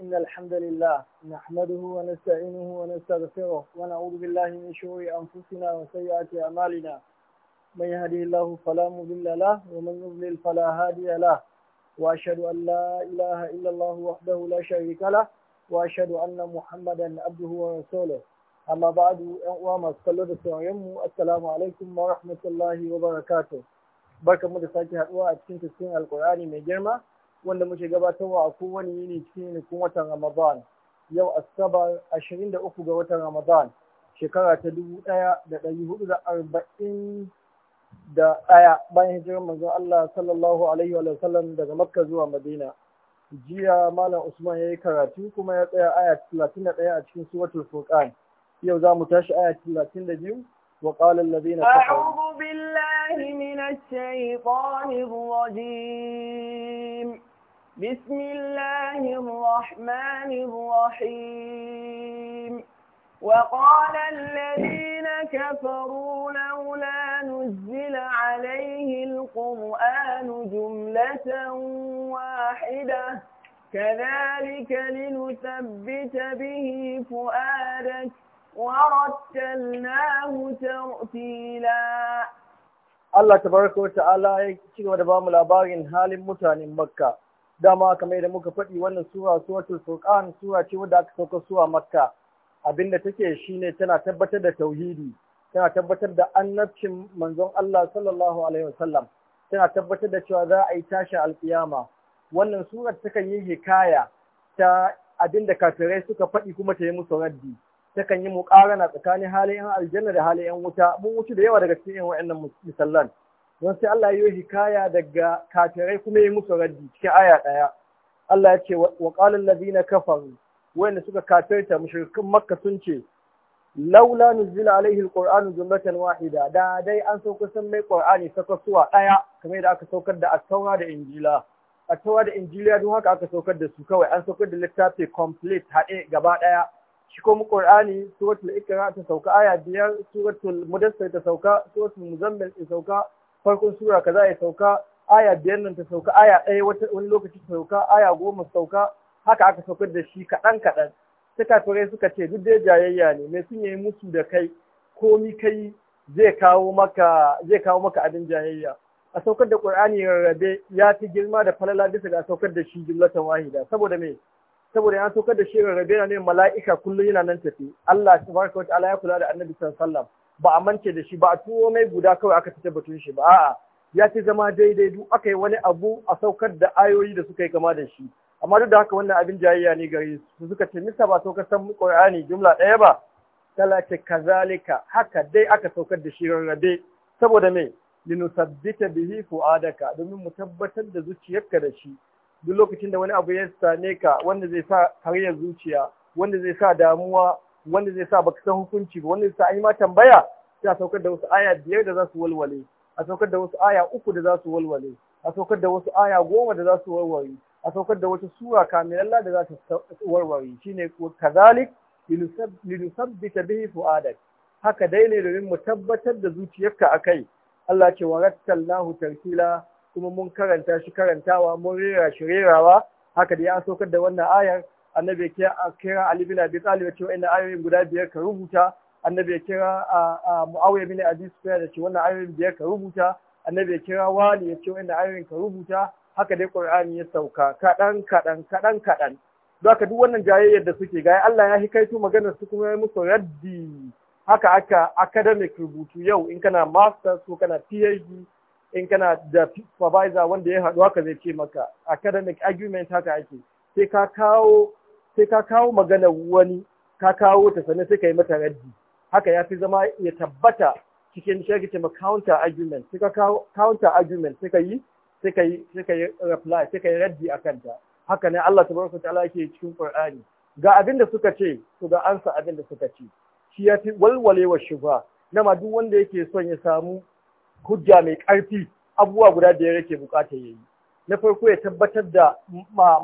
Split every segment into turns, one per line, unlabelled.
إن الحمد لله نحمده ونستعينه ونستغفره ونعوذ بالله من شرور أنفسنا وسيئات أعمالنا من يهدي الله فلا مضل له
ومن يضلل فلا هادي له وأشهد أن لا إله إلا الله وحده لا شريك له وأشهد أن محمدا عبده ورسوله أما بعد وما صلوا وسلموا السلام عليكم ورحمة الله وبركاته barkamu da sake haduwa a cikin tafsirin alkur'ani mai girma wanda muke gabatarwa a kowane yini cikin
kun watan Ramadan. Yau Asabar 23 ga watan Ramadan, shekara ta 1441 da ɗaya bayan hijirar manzon Allah sallallahu alaihi wa sallam daga Makka zuwa Madina. Jiya Malam Usman ya yi karatu kuma ya tsaya aya 31 a cikin suratul Furqan. Yau za mu tashi aya 32 وقال الذين كفروا kafaru.
بالله من الشيطان الرجيم بسم الله الرحمن الرحيم وقال الذين كفروا لولا نزل عليه القرآن جملة واحدة كذلك لنثبت به فؤادك ورتلناه ترتيلا
الله تبارك وتعالى يكتب ودبام ان هال متان مكة dama kamar da muka faɗi wannan sura suratul furqan sura ce wadda aka sauka suwa makka abinda take shine tana tabbatar da tauhidi tana tabbatar da annabcin manzon Allah sallallahu alaihi wasallam tana tabbatar da cewa za a yi tashi alkiyama wannan surar takan yi hikaya ta abinda kafirai suka faɗi kuma ta yi musu raddi takan yi muƙarana tsakanin halin aljanna da halin wuta mun wuce da yawa daga cikin yan wa'annan misallan don sai Allah yi hikaya daga kafirai kuma yi musu raddi cikin aya ɗaya Allah ya ce wa qalan ladina kafaru wanda suka kafirta mushrikan makka sun ce laula nuzila alaihi alqur'anu jumlatan wahida da dai an sauka sun mai qur'ani sakasuwa ɗaya kamar yadda aka saukar da at da injila at da injila don haka aka saukar da su kawai an saukar da littafi complete haɗe gaba ɗaya shi kuma qur'ani suratul ikra ta sauka aya biyar suratul mudassir ta sauka suratul muzammil ta sauka farkon sura kaza ya sauka aya biyar nan ta sauka aya ɗaya wani lokaci ta sauka aya goma sauka haka aka saukar da shi kaɗan kaɗan ta kafirai suka ce duk dai jayayya ne mai sun yi musu da kai komi kai zai kawo maka abin jayayya a saukar da qur'ani rarrabe ya fi girma da falala bisa ga saukar da shi jumlatan wahida saboda me saboda ya saukar da shi rarrabe ne mala'ika kullum yana nan tafi Allah subhanahu wa ta'ala ya kula da annabi sallallahu alaihi wasallam ba a mance da shi ba a tuwo mai guda kawai aka fitar batun shi ba a'a ya ce zama daidai duk aka yi wani abu a saukar da ayoyi da suka yi kama da shi amma duk da haka wannan abin jayayya ne gari su suka ce nisa ba saukar san qur'ani jumla ɗaya ba talata kazalika haka dai aka saukar da shi rarrabe saboda me linusabbita bihi adaka domin mu tabbatar da zuciyarka da shi duk lokacin da wani abu ya same ka wanda zai sa karyar zuciya wanda zai sa damuwa wanda zai sa baka san hukunci ba wanda zai sa an yi ma tambaya sai a saukar da wasu aya biyar da za su walwale a saukar da wasu aya uku da za su walwale a saukar da wasu aya goma da za su warware a saukar da wata sura kamilalla da za ta warware shine kazalik linusabbita bihi fuadak haka dai ne domin mu tabbatar da zuciyarka akai Allah ce warattallahu tartila kuma mun karanta shi karantawa mun rera shi rerawa haka dai an saukar da wannan ayar annabi ya kira kira Ali bin Abi Talib ya ce ayoyin guda biyar ka rubuta annabi ya kira Muawiya bin Abi Sufyan ya ce wannan ayoyin biyar ka rubuta annabi ya kira Wali ya ce wa'annan ayoyin ka rubuta haka dai Qur'ani ya sauka kaɗan kaɗan kaɗan kaɗan don haka duk wannan jayayyar da suke gaya Allah ya hikaito maganar su kuma ya musu raddi haka aka academic rubutu yau in kana Master ko kana PhD in kana da supervisor wanda ya haɗu haka zai ce maka academic argument haka ake sai ka kawo sai ka kawo magana wani ka kawo ta sannan sai ka yi mata raddi haka ya fi zama ya tabbata cikin shi ake counter argument sai ka kawo counter argument sai ka yi sai ka yi sai ka yi reply sai ka yi raddi akan ta haka ne Allah tabaraka ta'ala yake cikin Qur'ani ga abin da suka ce to ga ansa abin da suka ce shi ya fi shuba Na ma duk wanda yake son ya samu hujja mai ƙarfi abubuwa guda biyar yake bukata yayi na farko ya tabbatar da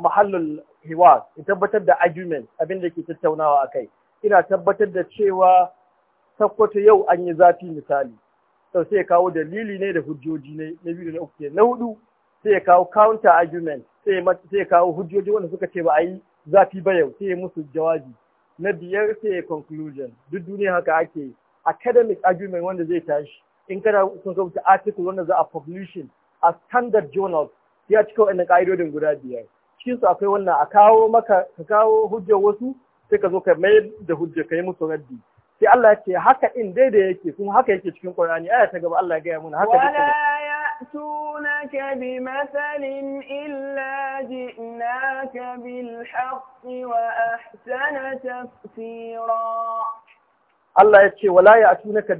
mahallul hiwa ya tabbatar da argument abin da ke tattaunawa a kai ina tabbatar da cewa Sakwato yau an yi zafi misali sau sai ya kawo dalili ne da hujjoji ne na biyu da uku na hudu sai ya kawo counter argument sai ya kawo hujjoji wanda suka ce ba a yi zafi ba yau sai ya musu jawabi na biyar sai ya conclusion duk duniya haka ake academic argument wanda zai tashi in kana sun rubuta article wanda za a publishing a standard journal ya cika wa'annan ka'idodin guda biyar cikin su akwai wannan a kawo maka ka kawo hujjar wasu sai ka zo ka mai da hujjar, ka yi musu raddi sai Allah ya ce haka in daidai yake kuma haka yake cikin Qur'ani aya ta gaba Allah ya gaya mana haka yake
يأتونك بمثل إلا جئناك بالحق وأحسن تفسيرا
Allah ya ce wala ya atu naka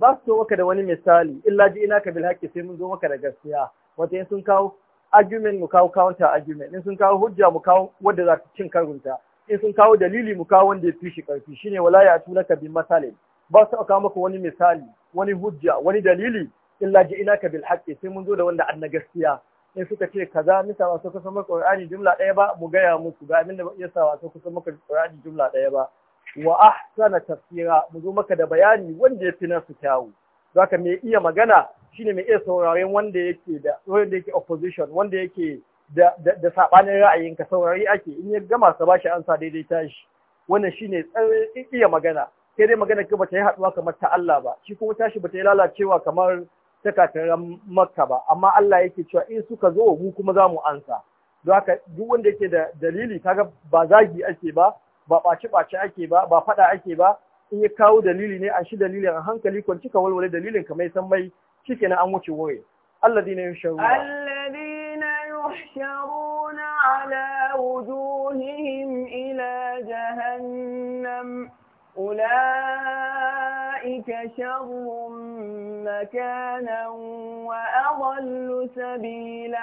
ba su maka da wani misali illa ji ina ka bil sai mun zo maka da gaskiya wata sun kawo argument mu kawo counter argument in sun kawo hujja mu kawo wadda za ta cin karunta in sun kawo dalili mu kawo wanda ya fi shi karfi shine wala ya tulaka bi masalin ba su kawo maka wani misali wani hujja wani dalili illa ji ji'inaka bil haqqi sai mun zo da wanda annaga gaskiya in suka ce kaza misa wasu kusa maka qur'ani jumla ɗaya ba mu gaya musu ga abin da ya sa wasu kusa maka qur'ani jumla ɗaya ba wa ahsana tafsira mu zo maka da bayani wanda ya fi nasu kyawu zaka me iya magana shine mai iya sauraren wanda yake da wanda yake opposition wanda yake da da ra'ayin ka saurari ake in ya gama sa bashi ansa daidai tashi wannan shine tsarin iya magana sai dai magana ka bata yi haduwa kamar ta Allah ba shi kuma tashi bata yi lalacewa kamar ta kataran Makka ba amma Allah yake cewa in suka zo mu kuma za mu ansa don haka duk wanda yake da dalili kaga ba zagi ake ba ba ɓaci ɓaci ake ba ba faɗa ake ba in ya kawo dalili ne a shi dalilin a hankali kwanci ka walwale dalilin kamar san mai na an wuce wuri alladhina yusharuna
alladhina yuhsharuna ala wujuhihim ila jahannam أولئك شر wa adallu sabila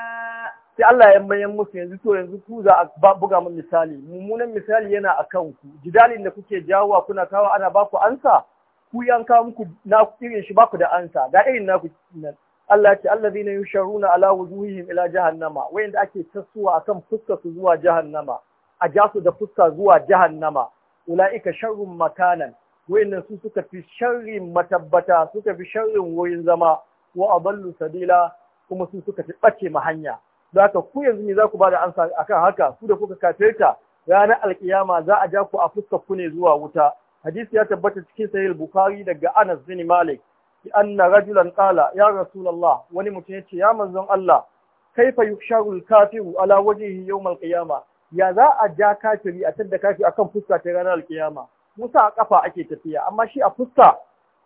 sai Allah ya mayan musu yanzu to yanzu ku za a buga min misali mummunan misali yana akan ku jidalin da kuke jawo kuna kawo ana ba ku ansa ku yanka muku na irin shi baku da ansa ga irin naku nan Allah ce allazina yusharuna ala wujuhihim ila jahannama wayanda ake tasuwa akan fuska su zuwa jahannama a ja su da fuska zuwa jahannama ulaika sharrun makanan wayannan su suka fi sharrin matabbata suka fi sharrin wurin zama wa adallu sabila kuma su suka fi bace ma hanya don haka ku yanzu ne za ku bada ansa akan haka ku da kuka kafirta ranar alkiyama za a ja ku a fuskar ku ne zuwa wuta hadisi ya tabbata cikin sahih bukhari daga Anas bin Malik anna rajulan qala ya rasulullah wani mutum yace ya manzon Allah kaifa yusharul kafiru ala wajhihi yawmal qiyama ya za a ja kafiri a tadda kafi akan fuska ta ranar alkiyama musa a kafa ake tafiya amma shi a fuska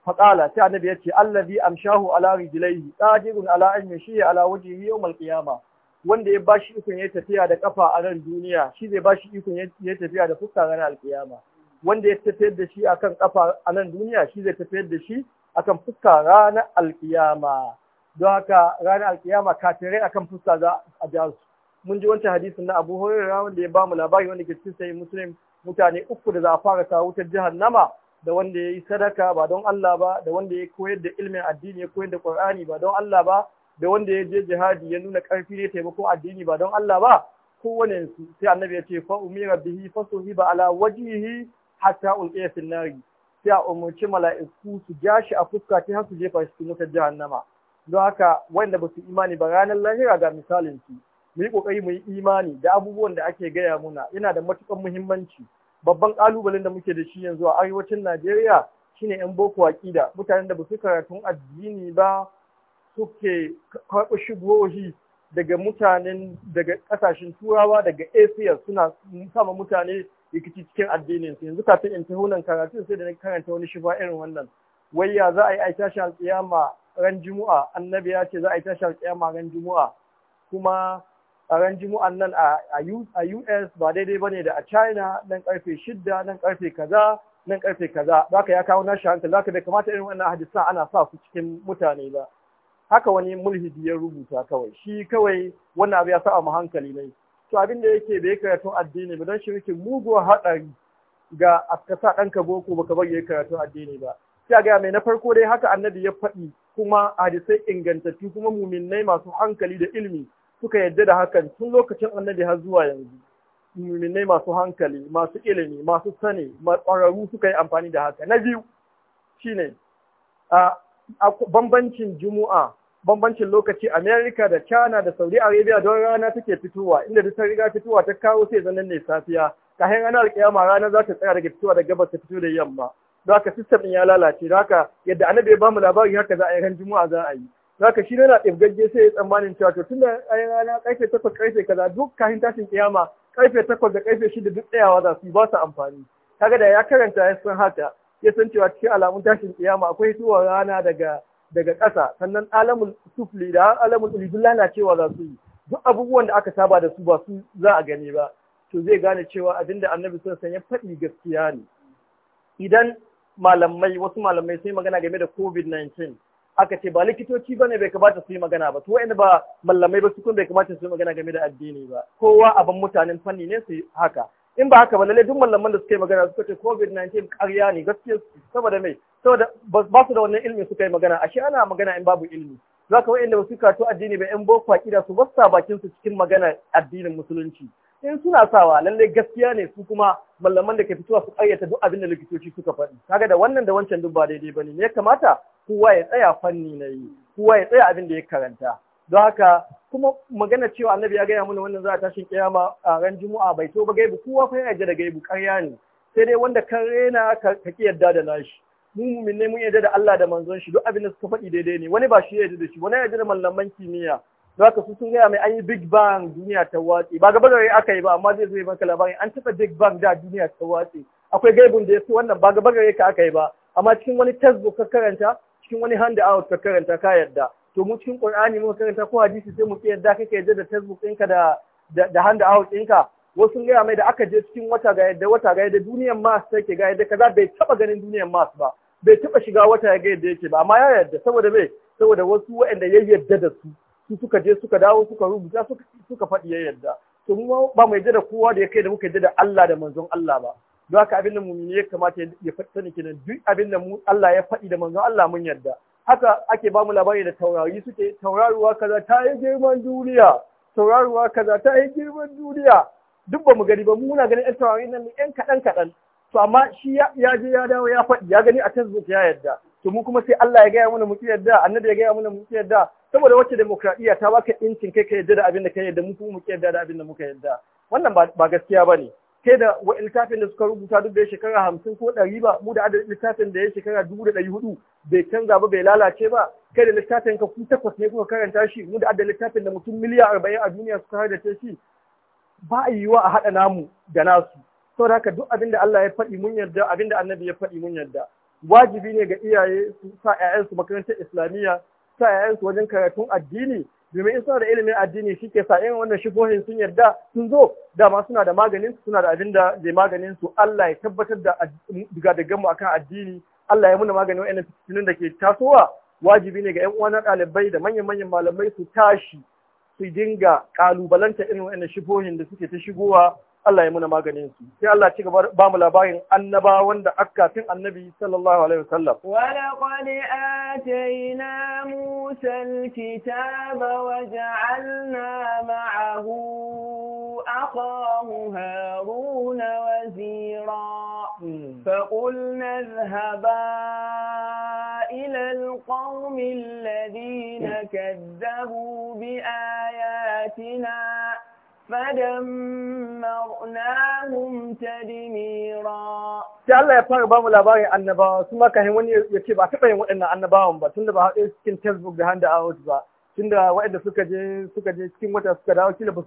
faqala sai annabi yace allazi amshahu ala rijlaihi qadirun ala an yashi ala wajhihi yawmal qiyama wanda ya bashi ikon ya tafiya da kafa a ran duniya shi zai bashi ikon ya tafiya da fuska ranar alkiyama wanda ya tafiyar da shi akan kafa a nan duniya shi zai tafiyar da shi akan fuska ranar alkiyama don haka ranar alkiyama kafirai akan fuska za a ja su mun ji wancan hadisin na Abu Hurairah wanda ya bamu labari wanda ke cikin sai Muslim mutane uku da za a fara sa wutar nama da wanda ya yi sadaka ba don Allah ba da wanda ya koyar da ilimin addini ya koyar da Qur'ani ba don Allah ba da wanda ya je jihadi ya nuna karfi ne taimakon addini ba don Allah ba kowane su sai annabi ya ce fa umira bihi ba ala wajihi hatta ulqiya fil nari sai a umarci mala'iku su ja shi a fuska ta har su jefa shi cikin wutar jahannama don haka wanda ba su imani ba ranar lahira ga misalin su mu yi kokari mu yi imani da abubuwan da ake gaya muna yana da matukan muhimmanci babban kalubalen da muke da shi yanzu a arewacin Najeriya shine yan boko aqida mutanen da ba su karatun addini ba suke karɓi shigohi daga mutanen daga ƙasashen turawa daga asia suna sama mutane rikici cikin addinin su yanzu kafin in taho karatu sai da na karanta wani shifa irin wannan wai ya za a yi aita shi alƙiyama ran jumu'a annabi ya ce za a yi tashi alƙiyama ran jumu'a kuma a ran jumu'an nan a US ba daidai bane da a China nan karfe shidda nan karfe kaza nan karfe kaza ka ya kawo nashi hankali zaka bai kamata irin wannan hadisan ana sa su cikin mutane ba haka wani mulhidi ya rubuta kawai shi kawai wannan abu ya sa mu hankali ne to abin da yake bai karatun addini ba don shi yake muguwar haɗari ga sa ɗanka boko baka bari yayi karatun addini ba sai ga mai na farko dai haka annabi ya faɗi kuma hadisai ingantattu kuma muminai masu hankali da ilimi suka yadda da hakan tun lokacin annabi har zuwa yanzu muminai masu hankali masu ilimi masu sani ƙwararru suka yi amfani da haka na biyu shine a bambancin juma'a bambancin lokaci America da China da Saudi Arabia don rana take fitowa inda duk ta riga fitowa ta kawo sai zanen ne safiya kayan ranar kiyama rana za ta tsaya daga fitowa da gabas ta fito da yamma don haka system din ya lalace don haka yadda annabi ya bamu labari haka za a yi ran juma'a za a yi don haka shi yana tsibgagge sai ya tsammanin cewa to tunda ayi rana karfe takwas karfe kaza duk kayan tashin kiyama karfe takwas da karfe shida duk tsayawa za su ba su amfani kaga da ya karanta ya san haka ya san cewa cikin alamun tashin kiyama akwai zuwa rana daga daga ƙasa sannan Alamun sufli da Alamun uli na cewa za su yi duk abubuwan da aka saba da su ba su za a gani ba to zai gane cewa abin da annabi sun sanya faɗi gaskiya ne idan malamai wasu malamai sun yi magana game da covid-19 aka ce ba likitoci ba ne bai kamata su yi magana ba to wa'anda ba mallamai ba su kun bai kamata su yi magana game da addini ba kowa abin mutanen fanni ne su haka in ba haka ba lalle duk malaman da suka yi magana suka ce covid-19 ƙarya ne gaskiya saboda mai saboda ba su da wannan ilimin suka yi magana ashe ana magana in babu ilimi za ka da ba su karatu addini ba yan boko aƙida su basta bakin su cikin magana addinin musulunci in suna sawa lallai gaskiya ne su kuma malaman da ke fitowa su ƙaryata duk abin da likitoci suka faɗi kaga da wannan da wancan duk ba daidai ne, me ya kamata kowa ya tsaya fanni na yi kowa ya tsaya abin da ya karanta don haka kuma magana cewa annabi ya gaya mana wannan za a tashin kiyama a ran juma'a bai to ba gaibu kowa fa yarda da gaibu ƙarya ne sai dai wanda kan rena ka ki yarda da nashi mu mumin ne mun yarda da Allah da manzon shi duk abin da suka faɗi daidai ne wani ba shi yarda da shi wani yarda da mallaman kimiyya don haka su sun gaya mai an yi big bang duniya ta watsi. ba gaba da aka yi ba amma zai zo ya labarin an taɓa big bang da duniya ta watsi. akwai gaibun da ya fi wannan ba gaba da ka aka yi ba amma cikin wani textbook ka karanta cikin wani hand ka karanta ka yarda to mu cikin Qur'ani muka karanta ko hadisi sai mu yadda kake je da Facebook ɗinka da da hand out ɗinka wasu gaya mai da aka je cikin wata ga yadda wata ga yadda duniyar Mars take ga yadda kaza bai taba ganin duniyar Mars ba bai taba shiga wata ga yadda yake ba amma ya yadda saboda me saboda wasu waɗanda ya yadda da su su suka je suka dawo suka rubuta suka suka faɗi ya yadda to mu ba mu yadda da kowa da ya kai da muka yadda da Allah da manzon Allah ba don haka abin da mu ya kamata ya faɗi sani kenan duk abin da mu Allah ya faɗi da manzon Allah mun yadda haka ake bamu mu labari da taurari suke tauraruwa kaza ta yi girman duniya tauraruwa kaza ta yi girman duniya duk ba mu gani ba muna ganin yan taurari nan yan kaɗan kaɗan to amma shi ya je ya dawo ya faɗi ya gani a facebook ya yarda to mu kuma sai Allah ya gaya mana mu yarda annabi ya gaya mana mu yarda saboda wacce demokradiyya ta baka incin kai ka yarda da abin da ka yarda mu kuma mu yarda da abin da muka yarda wannan ba gaskiya ba ne. kai da wa littafin da suka rubuta duk da shekara hamsin ko ɗari ba mu da adadin littafin da ya shekara dubu da ɗari hudu bai canza ba bai lalace ba kai da littafin ka ku takwas ne kuka karanta shi mu da adadin littafin da mutum miliyan arba'in a duniya suka ta shi ba a yiwuwa a haɗa namu da nasu Sau da haka duk abin da Allah ya faɗi mun yarda abin da annabi ya faɗi mun yarda wajibi ne ga iyaye su sa 'ya'yansu makarantar islamiyya sa 'ya'yansu wajen karatun addini domin in suna da ilimin addini shi ke sa irin wannan shifohin sun yarda sun zo dama suna da maganinsu, suna da abin da zai maganin su Allah ya tabbatar da daga mu akan addini Allah ya muna maganin wa'annan fitilun da ke tasowa wajibi ne ga 'yan uwa ɗalibai da manyan manyan malamai su tashi su dinga ƙalubalanta irin wa'annan shifohin da suke ta shigowa Allah ya muna maganin su sai Allah ci gaba ba mu labarin annaba wanda akkatin annabi sallallahu alaihi wasallam wa
laqad atayna musa alkitaba wa ja'alna ma'ahu akhahu haruna wazira فقلنا اذهبا إلى القوم الذين كذبوا بآياتنا fadamarnahum tadmira
sai Allah ya fara ba mu labarin annabawa su maka hin wani ya ce ba taɓa yin waɗannan annabawan ba tunda ba haɗe cikin Facebook da hand out ba tunda waɗanda suka je suka je cikin wata suka dawo kila ba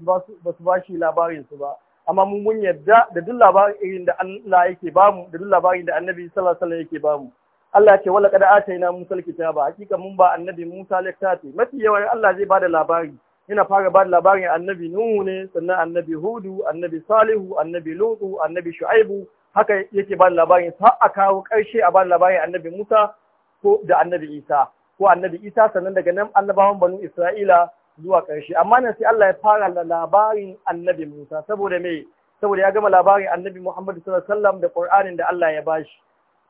su ba shi labarin su ba amma mun mun yadda da duk labarin irin da Allah yake bamu da duk labarin da Annabi sallallahu alaihi wasallam yake bamu Allah ya ce wala qad ataina musal kitaba hakika mun ba Annabi Musa littafi mafi yawan Allah zai bada labari yana fara ba da labarin annabi Nuhu ne sannan annabi Hudu annabi Salihu annabi Lutu annabi Shu'aibu haka yake ba da labarin har a kawo ƙarshe a ba da labarin annabi Musa ko da annabi Isa ko annabi Isa sannan daga nan annabawan banu Isra'ila zuwa ƙarshe amma nan sai Allah ya fara labarin annabi Musa saboda me saboda ya gama labarin annabi Muhammad sallallahu alaihi wasallam da Qur'anin da Allah ya bashi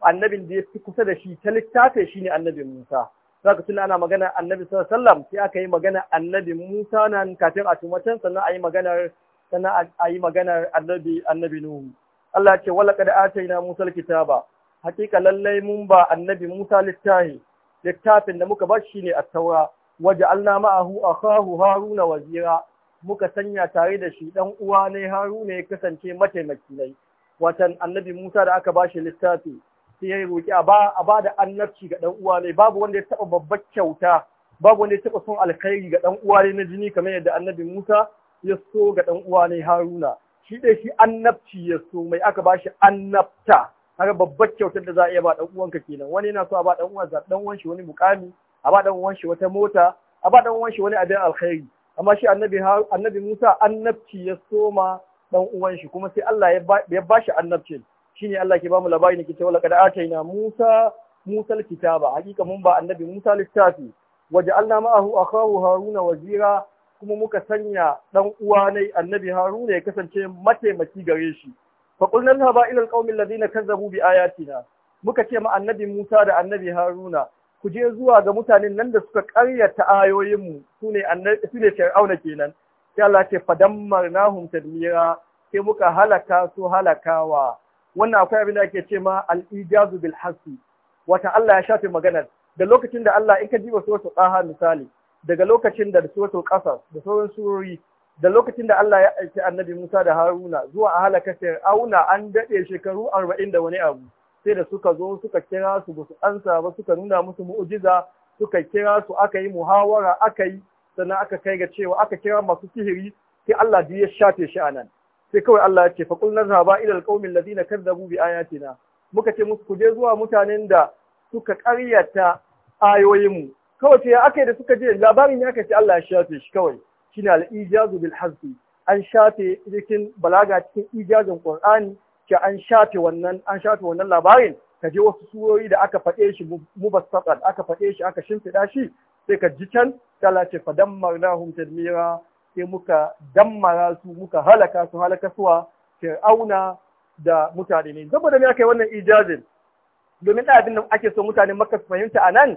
annabin da ya fi kusa da shi ta shi shine annabi Musa zaka tuna ana magana annabi sallallahu alaihi wasallam sai aka yi magana annabi Musa nan kafin a tumatan sannan a yi maganar sannan a yi maganar annabi annabi Nuhu Allah ce wala kad ataina Musa alkitaba hakika lallai mun ba annabi Musa littahi littafin da muka bar shi ne a taura waja'alna ma'ahu hahu haruna wazira muka sanya tare da shi dan uwa ne haruna ya kasance mataimaki ne watan annabi Musa da aka bashi littafi sai ya roƙi a ba ba da annabci ga ɗan uwa ne babu wanda ya taɓa babbar kyauta babu wanda ya taɓa son alkhairi ga ɗan uwa ne na jini kamar yadda annabi Musa ya so ga ɗan uwa ne Haruna shi dai shi annabci ya so mai aka bashi annabta kaga babbar kyautar da za a iya ba ɗan uwanka kenan wani yana so a ba dan za ɗan uwan shi wani mukami a ba ɗan uwan shi wata mota a ba ɗan uwan shi wani abin alkhairi amma shi annabi annabi Musa annabci ya soma ɗan uwan shi kuma sai Allah ya ba shi annabcin shine Allah ke bamu labari nake cewa laqad ataina Musa Musa kitaba. hakika mun ba annabi Musa littafi waja'alna ma'ahu akahu Haruna wazira kuma muka sanya dan uwa ne annabi Haruna ya kasance mataimaki gare shi fa qulna dhaba ila alqaumi alladhina kazzabu bi ayatina muka ce ma annabi Musa da annabi Haruna ku je zuwa ga mutanen nan da suka ƙaryata ayoyinmu sune annabi sune Fir'auna kenan sai Allah ce fadammarnahum tadmira sai muka halaka su halakawa wannan akwai abin da ake ce ma al-ijazu bil hasi wata Allah ya shafe magana. da lokacin da Allah in ka jiba wasu tsaha misali daga lokacin da wasu ƙasa da sauran surori da lokacin da Allah ya aiki annabi Musa da Haruna zuwa a halaka Fir'auna an daɗe shekaru arba'in da wani abu sai da suka zo suka kira su ba su ansa ba suka nuna musu mu'ujiza suka kira su aka yi muhawara aka yi sannan aka kai ga cewa aka kira masu sihiri sai Allah duk ya shafe shi anan sai kawai Allah ya ce fa qul nazhaba ila alqaumil ladina kadzabu bi ayatina muka ce musu ku je zuwa mutanen da suka ƙaryata ayoyinmu kawai ce ya aka da suka je labarin ya kace Allah ya shafe shi kawai shine al-ijazu bil hazfi an shafe cikin balaga cikin ijazin Qur'ani ke an shafe wannan an shafe wannan labarin ka je wasu suwoyi da aka faɗe shi mubassaqat aka faɗe shi aka shimfiɗa shi sai ka ji can Allah ce na nahum tadmira sai muka dammara su muka halaka su halaka suwa fir'auna da mutane ne da ni aka yi wannan ijazin domin da abin da ake so mutane maka su fahimta a nan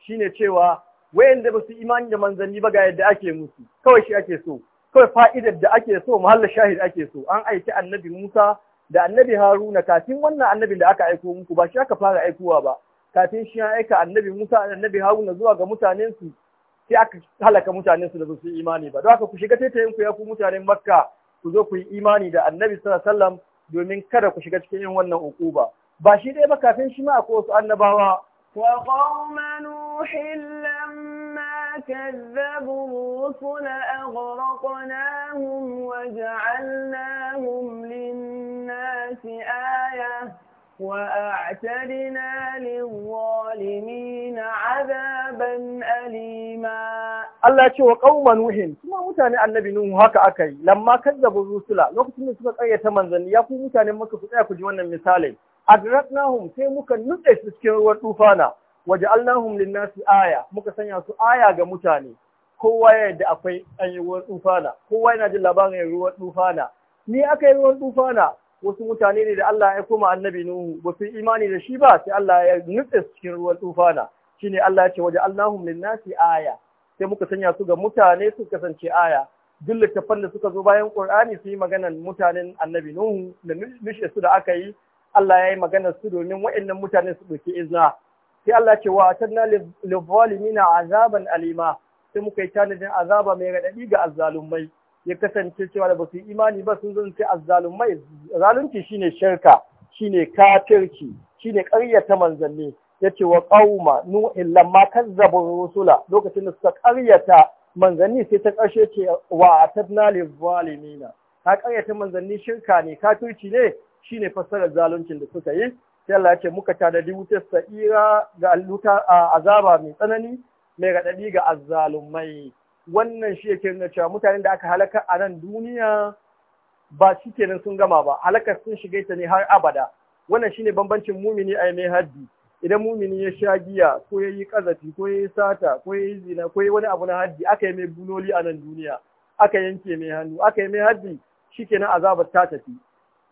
shine cewa wayanda da su imani da manzanni ba ga yadda ake musu kawai shi ake so kawai fa'idar da ake so muhallar shahid ake so an aiki annabi Musa da annabi Haruna kafin wannan annabin da aka aiko muku ba shi aka fara aikowa ba kafin shi ya aika annabi Musa da annabi Haruna zuwa ga mutanen su sai aka halaka mutanen su da su imani ba don haka ku shiga ku ya ku mutanen makka ku zo ku yi imani da annabi sallallahu alaihi wasallam domin kada ku shiga cikin yin wannan ukuba ba shi dai ba kafin shi ma akwai wasu annabawa
wa qauma nuhin lamma kazzabu rusula aghraqnahum wa ja'alnahum lin-nasi aya. وأعتدنا للظالمين عذابا أليما
Allah ce wa qauma nuhin kuma mutane annabi nuhu haka akai lamma kazzabu rusula lokacin da suka karyata manzanni ya mutane muka maka ku tsaya ku ji wannan misalin adraknahum sai muka nutse su cikin ruwan tufana Waje lin-nasi aya muka sanya su aya ga mutane kowa ya yadda akwai an yi ruwan tufana kowa yana jin labarin ruwan tufana ni aka yi ruwan tufana wasu mutane ne da Allah ya koma annabi Nuhu ba su imani da shi ba sai Allah ya nutse cikin ruwan tufana ne Allah ya ce waje Allahum linnasi aya sai muka sanya su ga mutane su kasance aya duk littafan da suka zo bayan Qur'ani su yi maganan mutanen annabi Nuhu da nishe su da aka yi Allah ya yi maganar su domin waɗannan mutane su ɗauki izna sai Allah ce wa atanna lil zalimina azaban alima sai muka yi tanadin azaba mai raɗaɗi ga azzalumai ya kasance cewa da ba yi imani ba sun zance azzalumai zalunci shine shirka shine kafirci shine ƙaryata manzanni ce wa ƙauma, nuhin lamma kazzabu rusula lokacin da suka ƙaryata manzanni sai ta ƙarshe ce wa a lil zalimina ƙaryata manzanni shirka ne kafirci ne shine fassarar zaluncin da suka yi sai Allah ya ce muka tanadi wutar sa'ira ga azaba mai tsanani mai raɗaɗi ga azzalumai wannan shi yake nuna cewa mutanen da aka halaka a nan duniya ba shi kenan sun gama ba halakar sun shiga ta ne har abada wannan shine bambancin mumini a mai haddi idan mumini ya sha giya ko ya yi kazafi ko ya yi sata ko ya yi zina ko ya yi wani abu na haddi aka yi mai buloli a nan duniya aka yanke mai hannu aka yi mai haddi shikenan azabar ta tafi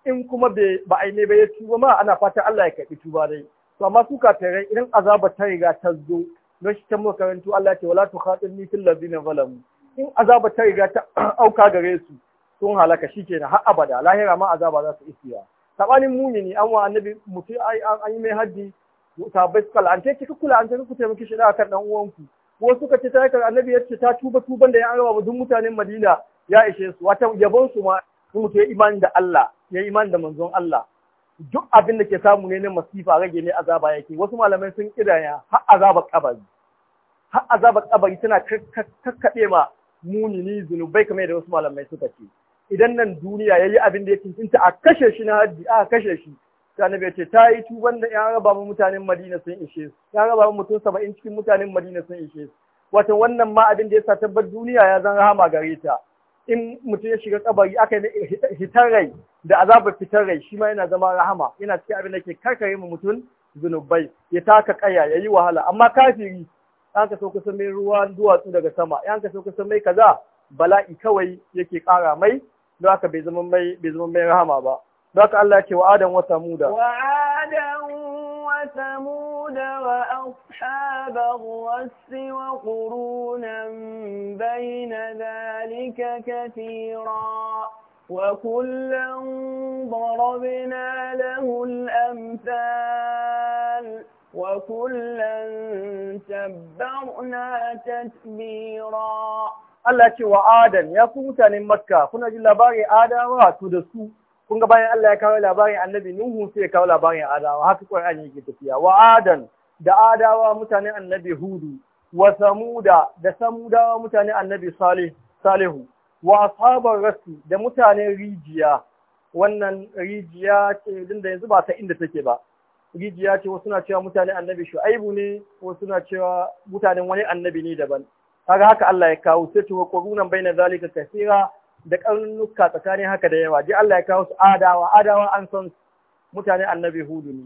in kuma ba a yi mai ba ya tuba ma ana fata Allah ya karbi tuba dai to amma su kafirai idan azabar ta riga ta zo don shi can makarantu Allah ce wala tukhatirni fil ladina zalamu in azaba ta riga ta auka gare su sun halaka shikenan har abada lahira ma azaba za su isiya sabanin mumini an wa annabi mutu an yi mai haddi ta suka an ce ka kula an ku taimaki shi da kan dan uwanku ko suka ce ta annabi ya ce ta tuba tuban da ya an raba duk mutanen Madina ya ishe su wata yabon su ma sun mutu ya imani da Allah ya imani da manzon Allah duk abin da ke samu ne na masifa rage ne azaba yake wasu malamai sun kidaya har azaba kabari har azabar kabari tana kakkaɓe ma munini zunubai kamar yadda wasu malamai suka ce idan nan duniya yayi abin da ya tinta a kashe shi na haddi a kashe shi ta nabi ce ta yi tuban da ya raba mu mutanen Madina sun ishe su ya raba mu mutum saba'in cikin mutanen Madina sun ishe su wato wannan ma abin da ya sa tabbar duniya ya zan rahama gare ta in mutum ya shiga kabari aka yi hitar rai da azabar fitar rai shi ma yana zama rahama yana cikin abin da ke karkare mu mutum zunubai ya taka kaya ya yi wahala amma kafiri an ka kusan mai ruwan duwatsu daga sama an ka kusan mai kaza bala'i kawai yake ƙara mai don haka bai zama mai bai zama mai rahama ba don haka Allah ya ce wa adam wa samuda wa
adam wa samuda wa ashab ar-rass wa qurunan bayna dhalika kathira وكلا ضربنا له الأمثال وكلا تبرنا تتبيرا Allah ce wa
Adam ya fi mutanen Makka kuna ji labarin Adawa to da su kun ga bayan Allah ya kawo labarin Annabi Nuhu sai ya kawo labarin Adawa haka Qur'ani yake tafiya wa Adam da Adawa mutanen Annabi Hudu wa Samuda da Samudawa mutanen Annabi Salih Salihu wa ashabar rasu da mutanen rijiya wannan rijiya ce din da yanzu ba ta inda take ba rijiya ce wasu na cewa mutane annabi shu'aibu ne wasu na cewa mutanen wani annabi ne daban kaga haka Allah ya kawo sai tuwa qurunan baina zalika kasira da karnuka tsakanin haka da yawa dai Allah ya kawo su adawa adawa an san mutane annabi hudu ne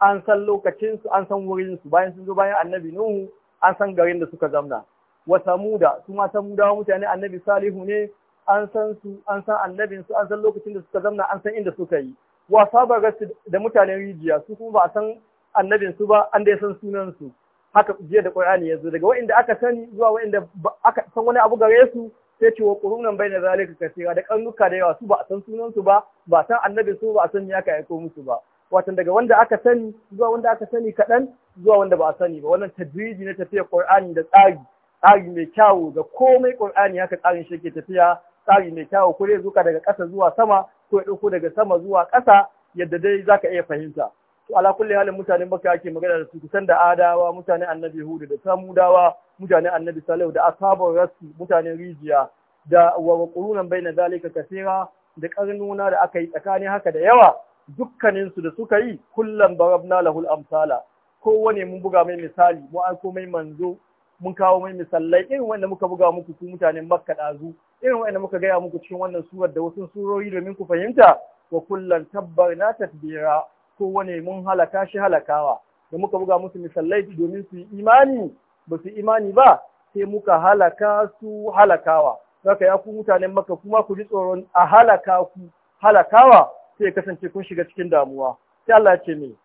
an san lokacin an san wurin bayan sun zo bayan annabi nuhu an san garin da suka zamna wa samuda su ma samudawa mutane annabi salihu ne an san su an an san lokacin da suka zamna an san inda suka yi wa sabara da mutanen rijiya su kuma ba a san annabin su ba an dai san sunan su haka jiya da Qur'ani yanzu daga waɗanda aka sani zuwa waɗanda aka san wani abu gare su sai ce wa qurunan bayna zalika kasira da karnuka da yawa su ba a san sunan su ba ba san annabin su ba a san ya ka aiko musu ba wato daga wanda aka sani zuwa wanda aka sani kaɗan zuwa wanda ba a sani ba wannan tadriji na tafiya Qur'ani da tsari tsari mai kyawu ga komai Qur'ani haka tsarin shi ke tafiya tsari mai kyawu ko zai zuka daga ƙasa zuwa sama ko ya ɗauko daga sama zuwa ƙasa yadda dai za ka iya fahimta to ala kulli halin mutanen Makka ake magana da su kusan da adawa mutanen annabi hudu da samudawa mutanen annabi salihu da ashabul rasu mutanen rijiya da wa qurunan baina zalika kasira da karnuna da aka yi tsakanin haka da yawa dukkaninsu da suka yi kullum barabna lahul amsala kowane mun buga mai misali mu aiko mai manzo mun kawo mai misallai, irin wanda muka buga muku su mutanen makka ɗazu irin wa'anda muka gaya muku cikin wannan surar da wasu surori domin ku fahimta wa kullan tabbar na tasbira kowane mun halaka shi halakawa da muka buga musu misalai domin su yi imani ba su imani ba sai muka halaka su halakawa haka ya ku mutanen maka kuma ku ji tsoron a halaka ku halakawa sai kasance kun shiga cikin damuwa sai Allah ce mai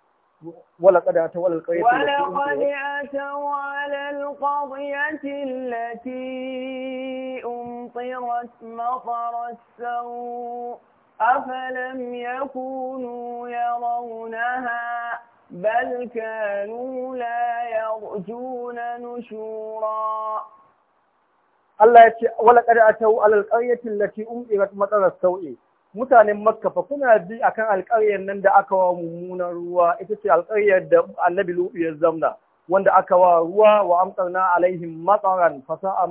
ولقد أتوا على القرية ولقد
أتوا على القرية التي أمطرت مطر السوء أفلم يكونوا يرونها بل كانوا لا يرجون نشورا الله ولقد أتوا
على القرية التي أمطرت مطر السوء mutanen makka fa kuna ji akan alƙaryar nan da aka wa mummunan ruwa ita ce alƙaryar da annabi lutu ya zamna wanda aka wa ruwa wa na alaihim matsaran fasa a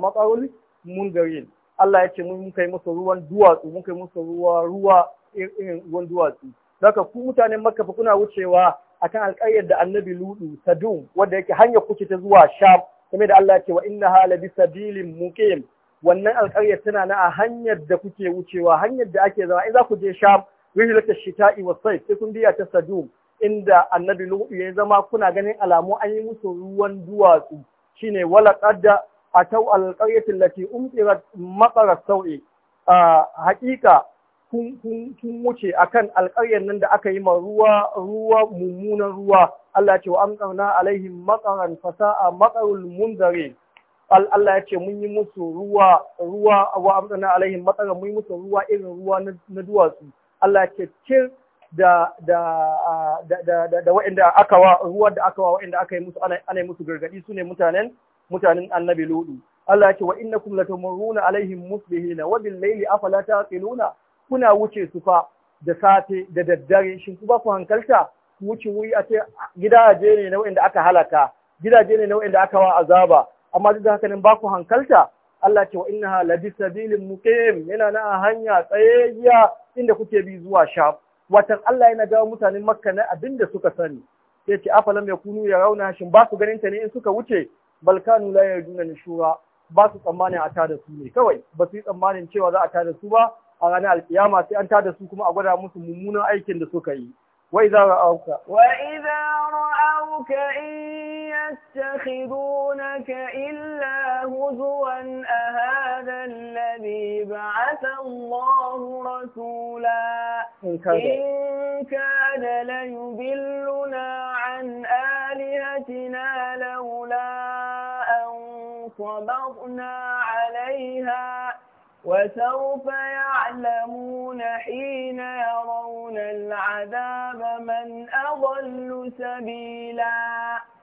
mun gari. Allah ya ce mun kai musu ruwan duwatsu mun kai musu ruwa ruwa irin ruwan duwatsu daga ku mutanen makka fa kuna wucewa akan alƙaryar da annabi lutu sadum wanda yake hanyar kuce ta zuwa sham game da Allah ya ce wa innaha labisabilin muqim wannan alƙaryar tana na a hanyar da kuke wucewa hanyar da ake zama in za ku je sham rihilata shita'i wa sai sai kun biya ta sadum inda annabi lu'u ya zama kuna ganin alamu an yi musu ruwan duwatsu shine wala qadda atau alqaryatin lati umtirat maqara sau'i haƙiƙa kun wuce akan alƙaryar nan da aka yi ma ruwa ruwa mummunan ruwa Allah ce wa amtarna alaihim maqaran fasa'a maqarul munzari Allah ya ce mun yi musu ruwa ruwa wa amsana alaihim matsaga mun yi musu ruwa irin ruwa na duwatsu Allah ya ce cir da da da da da waɗanda aka wa ruwa da aka wa waɗanda aka yi musu ana yi musu gargadi su ne mutanen mutanen annabi ludu Allah ya ce wa innakum latamuruna alaihim musbihina wa bil layli afala taqiluna kuna wuce su fa da safe da daddare shin ku ba ku hankalta ku wuce wuri a ce gidaje ne na waɗanda aka halaka gidaje ne na waɗanda aka wa azaba amma duk da haka nan ba ku hankalta Allah ce wa innaha la bisabilin muqim yana na hanya tsayayya inda kuke bi zuwa sha watan Allah yana jawo mutanen Makka na abin da suka sani sai ce afalam ya rauna, shin ba su ganin ta ne in suka wuce balkanu la ni nishura ba su tsammanin a tada su ne kawai ba su yi tsammanin cewa za a tada su ba a ranar alkiyama sai an tada su kuma a gwada musu mummunan aikin da suka yi
وإذا رأوك
وإذا رأوك إن يتخذونك إلا هزوا أهذا الذي بعث الله رسولا إن كاد, إن كاد ليبلنا عن آلهتنا لولا أن صبرنا عليها وسوف يعلمون حين يرون العذاب من أضل سبيلا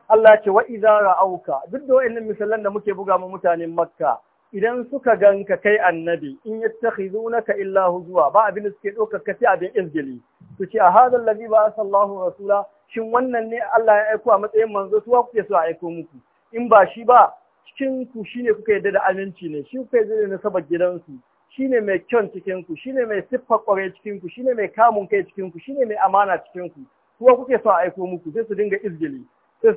Allah ce wa izara auka duk da wa'annan misalan da muke buga mu mutanen Makka idan suka ganka kai annabi in yattakhizunaka illa huzwa ba abin da suke dokar kasi abin izgili to ce a hadal ladhi ba sallahu rasula shin wannan ne Allah ya aiko a matsayin manzo suwa kuke so a aiko muku in ba shi ba cikin ku shine kuka yarda da aminci ne shi kuka yarda da nasabar gidansu shine mai kyan cikin ku shine mai siffa kwarai cikin ku shine mai kamun kai cikin ku shine mai amana cikin ku kuwa kuke a aiko muku sai su dinga izgili sai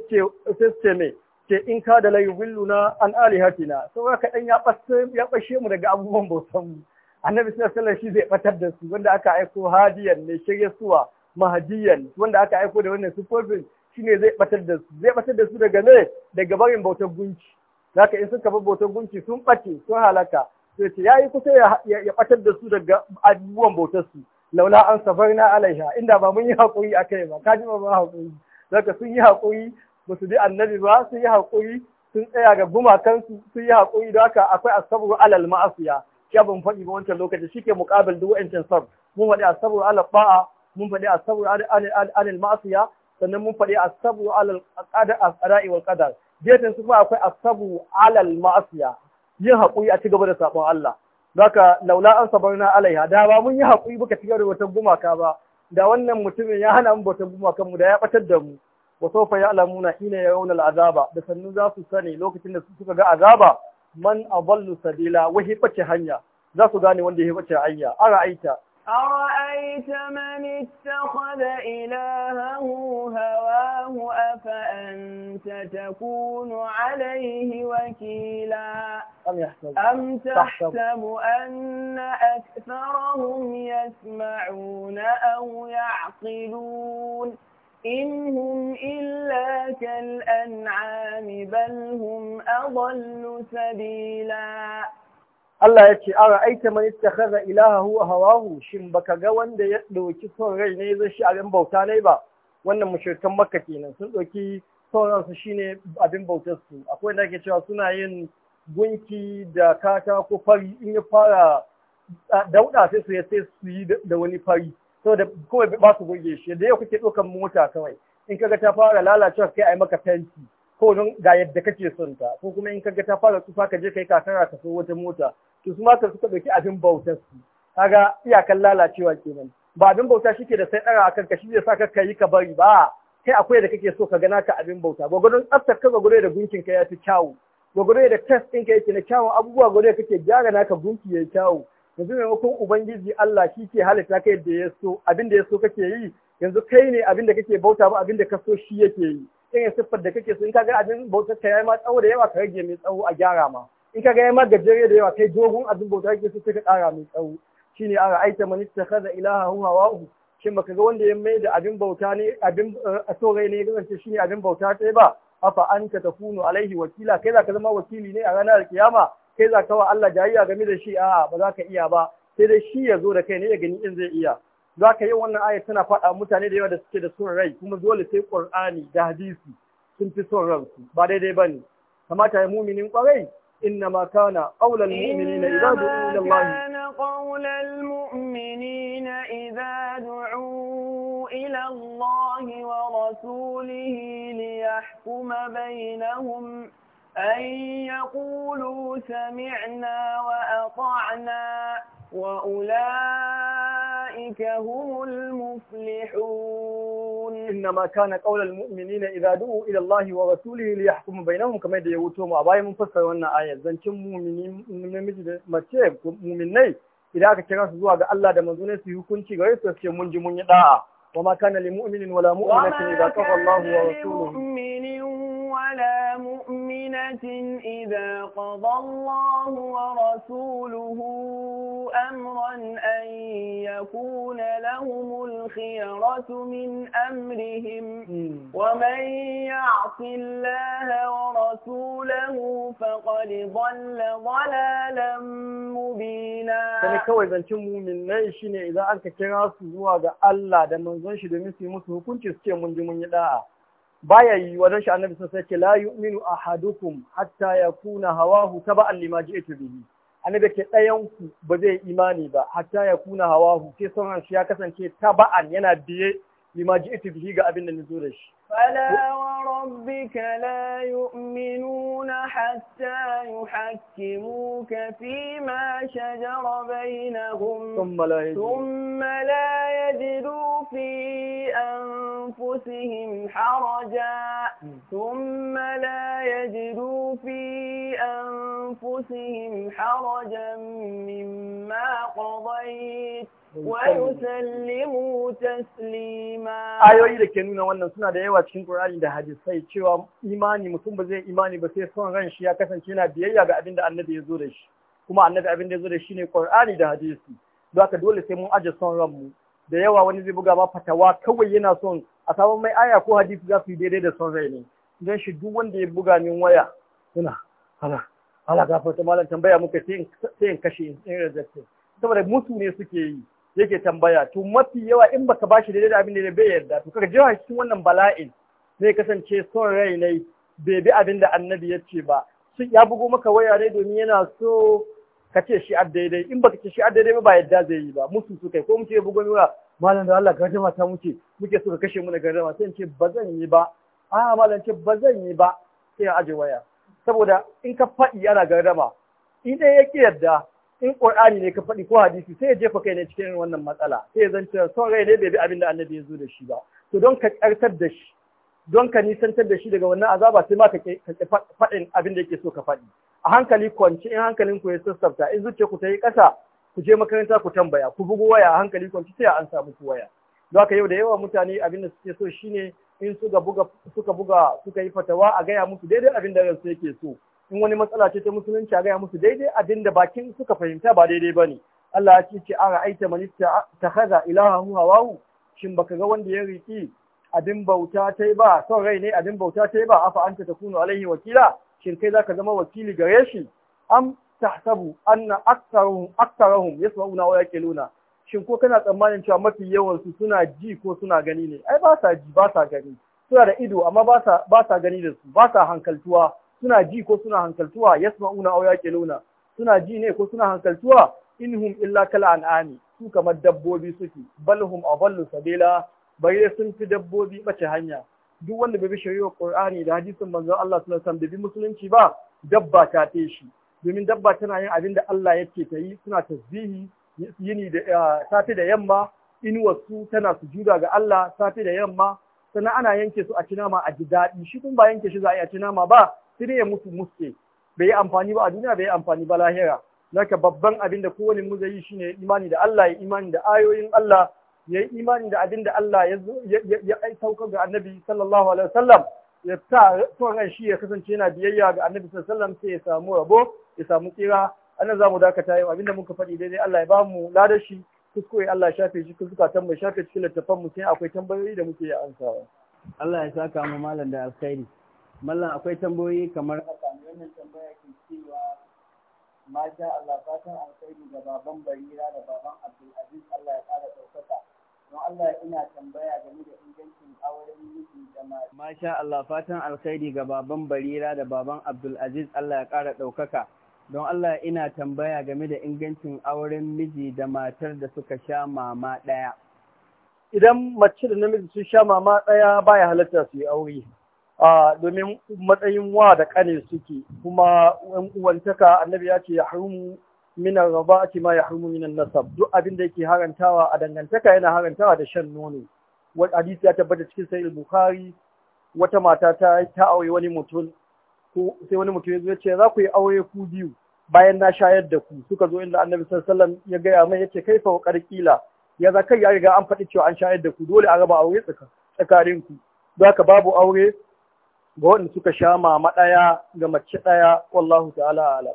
su ce mai ce in ka da layu billuna an alihatina sau haka ɗan ya ɓashe mu daga abubuwan bautan mu annabi sallallahu alaihi shi zai ɓatar da su wanda aka aiko hadiyan ne shirye suwa mahadiyan wanda aka aiko da wannan sufofin shine zai ɓatar da su zai ɓatar da su daga ne daga barin bautar gunki zaka in suka bar bautar gunki sun ɓace sun halaka sai ce yayi kusa ya ɓatar da su daga abubuwan bautar su laula an safarna alaiha inda ba mun yi hakuri akai ba kaji ba ba hakuri zaka sun yi hakuri ba su bi annabi ba sun yi hakuri sun tsaya ga gumakansu sun yi hakuri da haka akwai asabru alal ma'asiya ya ban faɗi ba wancan lokaci shike muqabil duk wa'ancan sab mun faɗi asabru alal ba'a mun faɗi asabru alal ma'asiya sannan mun faɗi asabru alal qada'i wal qadar gefen su kuma akwai asabu alal ma'asiya yin haƙuri a cigaba da saƙon Allah zaka laula an sabarna alaiha da ba mun yi haƙuri muka cigaba da wata gumaka ba da wannan mutumin ya hana mu bautan gumakan mu da ya batar da mu wa sawfa ina ya yarawna al'azaba da sannu za su sani lokacin da suka ga azaba man adallu sabila wa bace hanya za su gane wanda ya bace hanya ara aita
أرأيت من اتخذ إلهه تكون عليه وكيلا
أم, يحسب. أم تحسب
أن أكثرهم يسمعون أو يعقلون إن هم إلا كالأنعام بل هم أضل سبيلا
Allah ya ce, Ara aita mani ta kaza ilaha huwa hawahu, shin baka ga wanda ya ɗauki son rai ne zai shi abin bauta ne ba, wannan mashirkan maka kenan sun ɗauki sauransu shine abin bautar akwai da ke cewa suna yin gunki da kaka ko fari in ya fara dauda sai su yi da wani fari saboda kawai ba su goge shi da yau kake ɗaukan mota kawai in kaga ta fara lalacewa kai a yi maka fenti ko don ga yadda kake son ta ko kuma in kaga ta fara tsufa ka je kai kakara ka so wata mota to su ma suka ɗauki abin bautar su kaga iyakan lalacewa kenan ba abin bauta shike da sai ɗara akan ka shi zai sa ka yi ka bari ba kai akwai da kake so ka gana ka abin bauta gwagwadon tsaftar ka gwagwado da gunkin ka ya fi kyawu gwagwado da test ɗin ka yake na kyawun abubuwa gwagwado kake gyara naka gunki ya kyawu yanzu maimakon ubangiji Allah shi ke halitta ka yadda ya so abin da ya so kake yi yanzu kai ne abin da kake bauta ba abin da ka so shi yake yi irin siffar da kake so in ka ga abin bautar ka yayi ma tsawo da yawa ka rage mai tsawo a gyara ma in ka ga yayi ma gajere da yawa kai dogon abin bauta kake so sai ka kara mai tsawo shine ara aita man ilaha huwa wa'u shin maka ga wanda ya mai da abin bauta ne abin eh, a sorai ne ga shi ne abin bauta ɗaya ba afa ta takunu alaihi wakila kai za ka zama wakili ne a ranar kiyama kai zaka wa Allah jayayya game da shi a'a ba za ka iya ba sai dai shi ya zo da kai ne ya gani in zai iya za ka yi wannan ayat tana faɗa mutane da yawa da suke da son rai kuma dole sai Qur'ani da hadisi sun fi son ransu ba daidai bane kamata ya muminin kwarai إنما كان قول المؤمنين إذا
دعوا إلى الله كان قول المؤمنين إذا دعوا إلى الله ورسوله ليحكم بينهم أن يقولوا سمعنا وأطعنا وأولئك هم المفلحون
innama kana qaulal mu'minina idza du'u ila Allah wa rasulihi li yahkum bainahum kamar da ya wuto mu a bayan mun fassara wannan aya zancin mu'mini namiji da mace mu'minai idan aka kira su zuwa ga Allah da manzo suyi su hukunci gare su ce mun ji mun yi da'a wa ma kana lil mu'minin wala mu'minatin idza qada Allah wa
rasuluhu ولا مؤمنة إذا قضى الله ورسوله أمرا أن يكون لهم الخيرة من أمرهم hmm. ومن يعص الله ورسوله فقد ضل ضلالا مبينا sani kawai
zancen muminai shine idan aka kira su zuwa ga Allah da manzon shi domin su yi musu hukunci suke mun mun yi baya yi wajen shi annabi sai ce la yu'minu ahadukum hatta yakuna hawahu taba'an lima ji'tu bihi annabi ke dayan ku ba zai imani ba hatta yakuna hawahu sai son shi ya kasance taba'an yana biye lima ji'tu bihi ga abin da nazo da shi
fala wa rabbika la yu'minuna hatta yuhakkimuka fi ma shajara bainahum thumma la yajidu fi an أنفسهم حرجا ثم لا يجدوا في أنفسهم حرجا مما قضيت ويسلموا تسليما
ayoyi da ke nuna wannan suna da yawa cikin ƙur'ani da hadisai cewa imani mutum ba zai imani ba sai son ran shi ya kasance yana biyayya ga abin da annabi ya zo da kuma annabi abin da ya zo da shi ne Qur'ani da hadisi haka dole sai mun aje son mu. da yawa wani zai buga ma fatawa kawai yana son a samu mai aya ko hadisi za su yi daidai da son rai ne don shi duk wanda ya buga min waya suna ana ga fata malam tambaya muka sai in kashe in rajatta saboda musu ne suke yi yake tambaya to mafi yawa in baka shi daidai da abin da bai yarda to kaga jiwa cikin wannan bala'in zai kasance son rai ne bai bi abin da annabi ya ce ba ya bugo maka waya ne domin yana so ka ce shi a daidai in baka ce shi a daidai ba yadda zai yi ba musu su kai ko mutu ya bugo miwa malam da Allah kaje ta muke muke so ka kashe mu na gardama. sai in ce ba zan yi ba a malam ce ba zan yi ba sai ya aje waya saboda in ka faɗi ana gardama, idan ya ki yadda in Qur'ani ne ka faɗi ko hadisi sai ya jefa kai ne cikin wannan matsala sai ya zance son rai ne bai bi abin da annabi ya zo da shi ba to don ka kartar da shi don ka nisantar da shi daga wannan azaba sai ma ka faɗin abin da yake so ka faɗi a hankali kwance in hankalin ku ya sassafta in zuciya ku ta yi ƙasa ku je makaranta ku tambaya ku bugu waya a hankali kwamfuta ya an samu ku waya don haka yau da yawa mutane abin da suke so shine in suka buga suka buga suka yi fatawa a gaya musu daidai abin da ransu yake so in wani matsala ce ta musulunci a gaya musu daidai abin da bakin suka fahimta ba daidai ba ne. Allah ya ce ce a ra'aita man ittakhadha ilahahu hawahu shin baka ga wanda ya riki abin bauta ta yi ba son rai ne abin bauta ta yi ba afa anta takunu alaihi wakila shin kai za ka zama wakili gare shi am tahsabu anna aktsaruhum aktsaruhum yasma'una wa yaqiluna shin ko kana tsammanin cewa mafi yawan su suna ji ko suna gani ne ai ba sa ji ba sa gani suna da ido amma ba sa ba sa gani da su ba sa hankaltuwa suna ji ko suna hankaltuwa yasma'una wa yaqiluna suna ji ne ko suna hankaltuwa inhum illa kal anani su kamar dabbobi suke balhum aballu sabila da sun fi dabbobi bace hanya duk wanda bai bi shari'ar Qur'ani da hadisin manzon Allah sallallahu alaihi wasallam bai bi musulunci ba dabba ta te shi domin dabba tana yin abin da Allah yake ta yi suna tasbihi yini da eh, safe da yamma inuwarsu tana sujuda ga Allah safe da yamma sannan ana yanke su a ci nama a ji daɗi shi kun ba yanke shi za a yi a ci nama ba sai dai ya mutu muske bai yi amfani ba a duniya bai yi amfani ba lahira naka babban abin da kowane mu zai yi shine imani da Allah ya imani da ayoyin Allah ya yi imani da abin da Allah ya saukar ga annabi sallallahu alaihi wasallam ya sa son shi ya kasance yana biyayya ga annabi sallallahu alaihi wasallam sai ya samu rabo ya samu tsira za mu dakata yau abinda muka faɗi daidai Allah ya ba mu ladashi kuskure Allah ya shafe shi kuskatan mu shafe cikin littafan mu sai akwai tambayoyi
da muke ansawa Allah ya saka mu malam da alkhairi Mallan akwai tambayoyi kamar haka wannan tambaya ke cewa masha Allah fatan alkhairi ga baban Barira da baban Abdul Aziz Allah ya kara daukaka don Allah ina tambaya game da ingancin auren miji da mata masha Allah fatan alkhairi ga baban Barira da baban Abdul Aziz Allah ya kara daukaka don Allah ina tambaya game da ingancin auren miji da matar da suka sha mama ɗaya. Idan mace da namiji sun sha mama ɗaya baya halatta su yi aure, domin matsayin wa da
ƙane suke, kuma uwantaka annabi ya ce ya harumu minan raba ake ma ya harumu minan nasab, duk abin da yake harantawa a dangantaka yana harantawa da shan nono. Hadisi ya tabbata cikin sayi Bukhari wata mata ta aure wani mutum sai wani mutum ya ce za ku yi aure ku biyu bayan na shayar da ku suka zo inda annabi sallallahu alaihi wasallam ya gaya mai yace kai fa kila ya za kai ya riga an faɗi cewa an shayar da ku dole a raba aure tsakanin ku don haka babu aure ga wanda suka sha mama ɗaya
ga mace daya wallahu ta'ala ala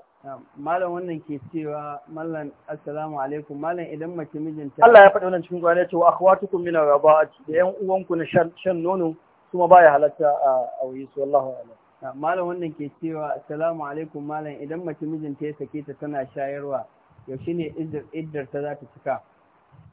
malam wannan ke cewa mallan assalamu alaikum mallan idan mace mijinta Allah ya faɗi wannan cikin gwana cewa akhwatukum min raba'ati da yan uwanku na shan nono kuma baya halatta a aure su wallahu a'lam Ah, malam wannan ke cewa assalamu alaikum malam idan mace mijinta ya sake ta tana shayarwa yaushe ne iddar ta za ta cika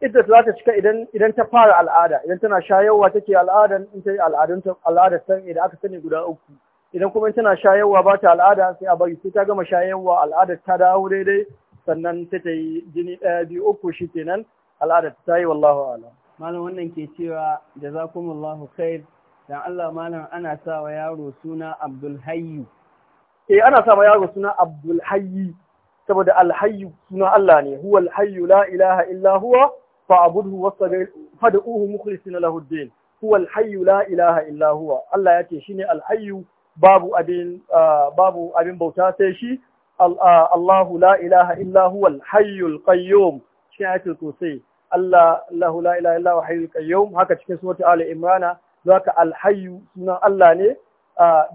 iddar za ta cika idan ta fara al'ada idan tana shayarwa take al'ada in ta yi al'adun al'ada idan aka sani guda uku idan kuma tana shayarwa ba ta al'ada sai a bari sai ta gama shayarwa al'adar ta dawo daidai sannan ta ta yi
jini ɗaya biyu uku shi kenan al'ada. ta yi wallahu alam malam wannan ke cewa jazakumullahu khair dan Allah malam ana sawa yaro suna Abdul Hayyu eh ana sawa yaro suna Abdul Hayyu saboda Al Hayyu suna Allah ne
huwa Al Hayyu la ilaha illa huwa fa'budhu wastabir fad'uhu mukhlisina lahu ad-din huwa Al Hayyu la ilaha illa huwa Allah yake shine Al Hayyu babu abin ah, babu abin bauta sai shi ah, Allahu la ilaha illa huwa Al Hayyu Al Qayyum shi ayatul kursi Allah la ilaha illa huwa Al Hayyu Al Qayyum haka cikin suratul
Imran Zaka haka alhayyu sunan Allah ne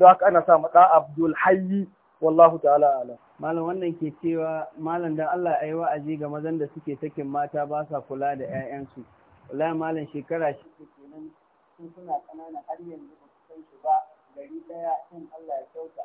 don haka ana sa maɗa abdul hayyi wallahu ta'ala ala malam wannan ke cewa malam dan Allah yi wa'azi ga mazan da suke sakin mata ba sa kula da 'ya'yansu. wallahi malam shekara shi kenan sun suna ƙanana har yanzu ba su san shi ba gari ɗaya in Allah ya kyauta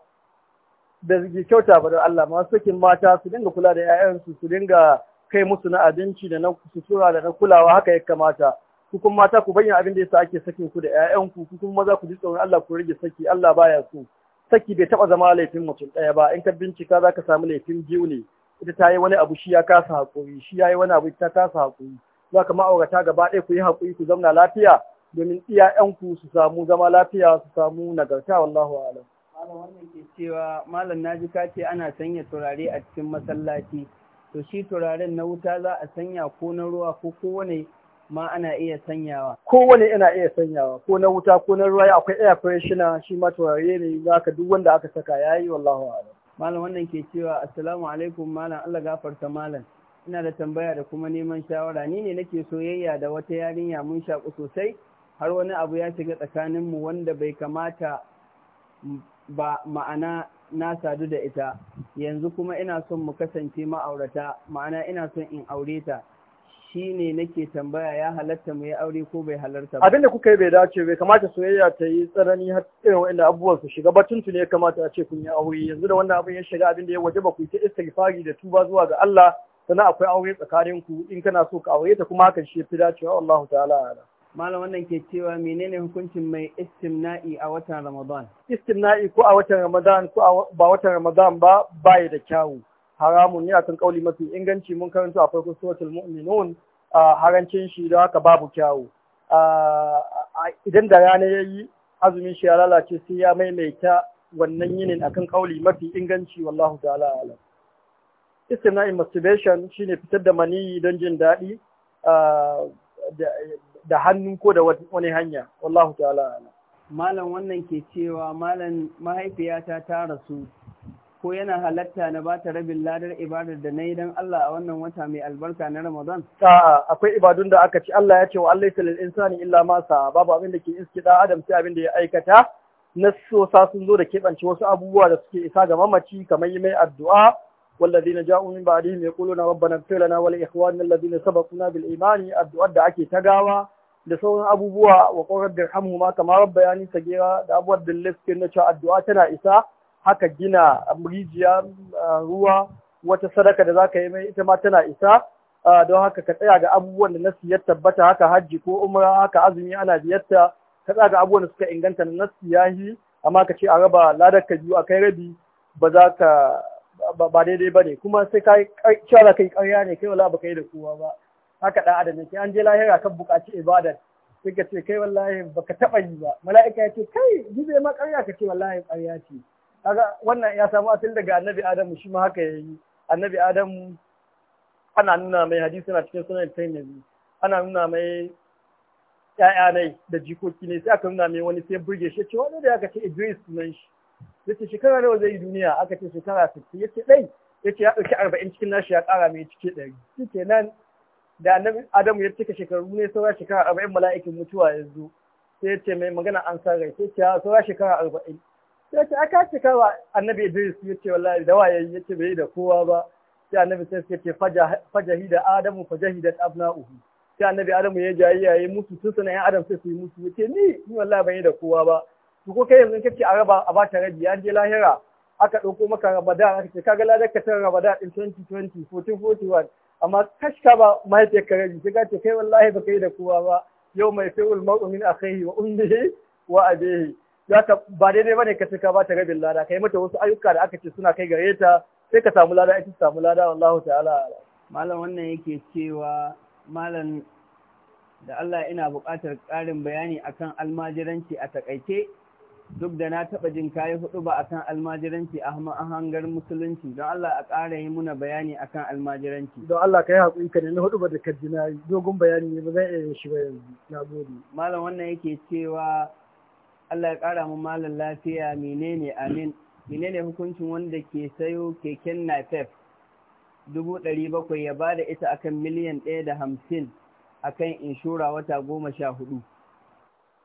da suke kyauta ba da Allah masu sakin mata su dinga kula da 'ya'yansu su dinga kai musu na abinci da na sutura da na kulawa haka ya kamata ku kuma mata ku bayyana abin da yasa ake sakin ku da ƴaƴanku ku kuma maza ku ji tsoron Allah ku rage saki Allah baya so saki bai taba zama laifin mutum ɗaya ba in ka bincika zaka samu laifin biyu ne ita ta yi wani abu shi ya kasa hakuri shi ya yi wani abu ta kasa hakuri za ka ma'aurata gaba ɗaya ku yi hakuri ku zauna lafiya domin
iyayenku su samu zama lafiya su samu nagarta wallahu alam malam wannan ke cewa malam naji ka ce ana sanya turare a cikin masallaci to shi turaren na wuta za a sanya ko na ruwa ko kowane ma ana iya sanyawa
kowane ana iya
sanyawa ko na wuta ko na ruwa akwai air freshener shi ma turare ne za ka duk wanda aka saka Ya yi wallahu a'lam malam wannan ke cewa assalamu alaikum malam Allah gafarta malam ina da tambaya da kuma neman shawara ni ne nake soyayya da wata yarinya mun shaƙu sosai har wani abu ya shiga tsakanin mu wanda bai kamata ba ma'ana na sadu da ita yanzu kuma ina son mu kasance ma'aurata ma'ana ina son in aure ta shi ne nake tambaya ya halatta mu yi aure ko bai halarta ba. Abinda
kuka yi bai dace bai kamata soyayya ta yi tsanani har irin wanda abubuwan su shiga batun ne ya kamata a ce kun yi aure yanzu da wannan abin ya shiga abin da ya waje ba ku ta istighfari da tuba zuwa ga Allah sannan akwai aure
tsakanin ku in kana so ka aure ta kuma hakan shi fi dacewa Allah ta'ala ala. Malam wannan ke cewa menene hukuncin mai istimna'i a watan Ramadan? Istimna'i ko a watan Ramadan ko
ba watan Ramadan ba bai da kyawu. haramun ne kan kauli mafi inganci mun karanta a farkon suratul mu'minun a harancin shi da haka babu kyawu idan da rana yayi azumin shi ya lalace sai ya maimaita wannan yinin akan kauli mafi inganci wallahu ta'ala alam istimna'in masturbation shine fitar da
maniyi don jin daɗi da hannu ko da wani hanya wallahu ta'ala alam malam wannan ke cewa malam mahaifiyata ta rasu ko yana halatta na bata rabin ladar ibadar da na yi don Allah a wannan wata mai albarka na Ramadan?
A'a, akwai ibadun da aka ci Allah ya ce wa Allah salil insani illa masa babu abin da ke iske da Adam sai abin da ya aikata. Nasosa sun zo da keɓance wasu abubuwa da suke isa ga mamaci kamar yi mai addu'a والذين na من na يقولون ربنا اغفر لنا ولاخواننا الذين bil imani, addu'ar da ake ta gawa da sauran abubuwa wa qawrad ma kamar rabbayani sagira da abubuwan da na cewa addu'a tana isa haka gina rijiya ruwa wata sadaka da zaka yi mai ita ma tana isa don haka ka tsaya ga abubuwan da nasu ya tabbata haka hajji ko umra haka azumi ana ziyarta ka tsaya ga abubuwan da suka inganta na nasu yahi amma ka ce a raba ladar ka biyu a kai rabi ba za ka ba daidai ba ne kuma sai ka cewa za ka yi karya ne kai wala ba yi da kowa ba haka ɗan adam ne an je lahira kan buƙaci ibadar sai ka ce kai wallahi ba ka taɓa yi ba mala'ika ya ce kai jibe ma karya ka ce wallahi karya ce kaga wannan ya samu asali daga annabi adamu shi ma haka yayi annabi adamu ana nuna mai hadisi na cikin sunan taimizi ana nuna mai ya'ya ne da jikoki ne sai aka nuna mai wani sai burge shi ce wani da aka ce Idris sunan shi yace shekara nawa zai yi duniya aka ce shekara 60 yace dai yace ya dauki 40 cikin nashi ya kara mai cike 100 nan da annabi Adamu ya cika shekaru ne saura shekara 40 mala'ikin mutuwa ya zo sai yace mai magana an sa sai ya saura shekara 40 sai ce aka cika wa annabi Idris ya ce wallahi da waye ya ce bai da kowa ba sai annabi sai ya ce fajahida adamu fajahidat abna'uhu sai annabi adamu ya jayi yayi musu, tun sanan yan adam sai su yi musu. ya ce ni ni wallahi bai yi da kowa ba to ko kai yanzu kake a raba a bata rabi an je lahira aka ɗauko maka Ramadan aka ce kaga ladar ka ta Ramadan din 2020 1441 amma kashka ba mahaifiyar ka rabi sai ka ce kai wallahi baka yi da kowa ba yau mai fi'ul mar'u min akhihi wa ummihi wa abihi Zaka ba daidai bane ka ce ka bata rabin lada kai mata wasu
ayyuka da aka ce suna kai gare ta sai ka samu lada ita samu lada wallahu ta'ala malam wannan yake cewa malam da Allah ina buƙatar ƙarin bayani akan almajiranci a takaice duk da na taɓa jin kayi hudu ba akan almajiranci a hangar musulunci don Allah a ƙara yi muna bayani akan almajiranci. Don Allah ka yi haƙuri ka nemi hudu ba da kajina dogon bayani ne ba zan iya shi ba yanzu na gode. Malam wannan yake cewa Allah ya ƙara mu malam lafiya menene amin menene hukuncin wanda ke sayo keken nafef dubu ɗari bakwai ya ba da ita akan miliyan ɗaya da hamsin akan inshora wata goma sha hudu.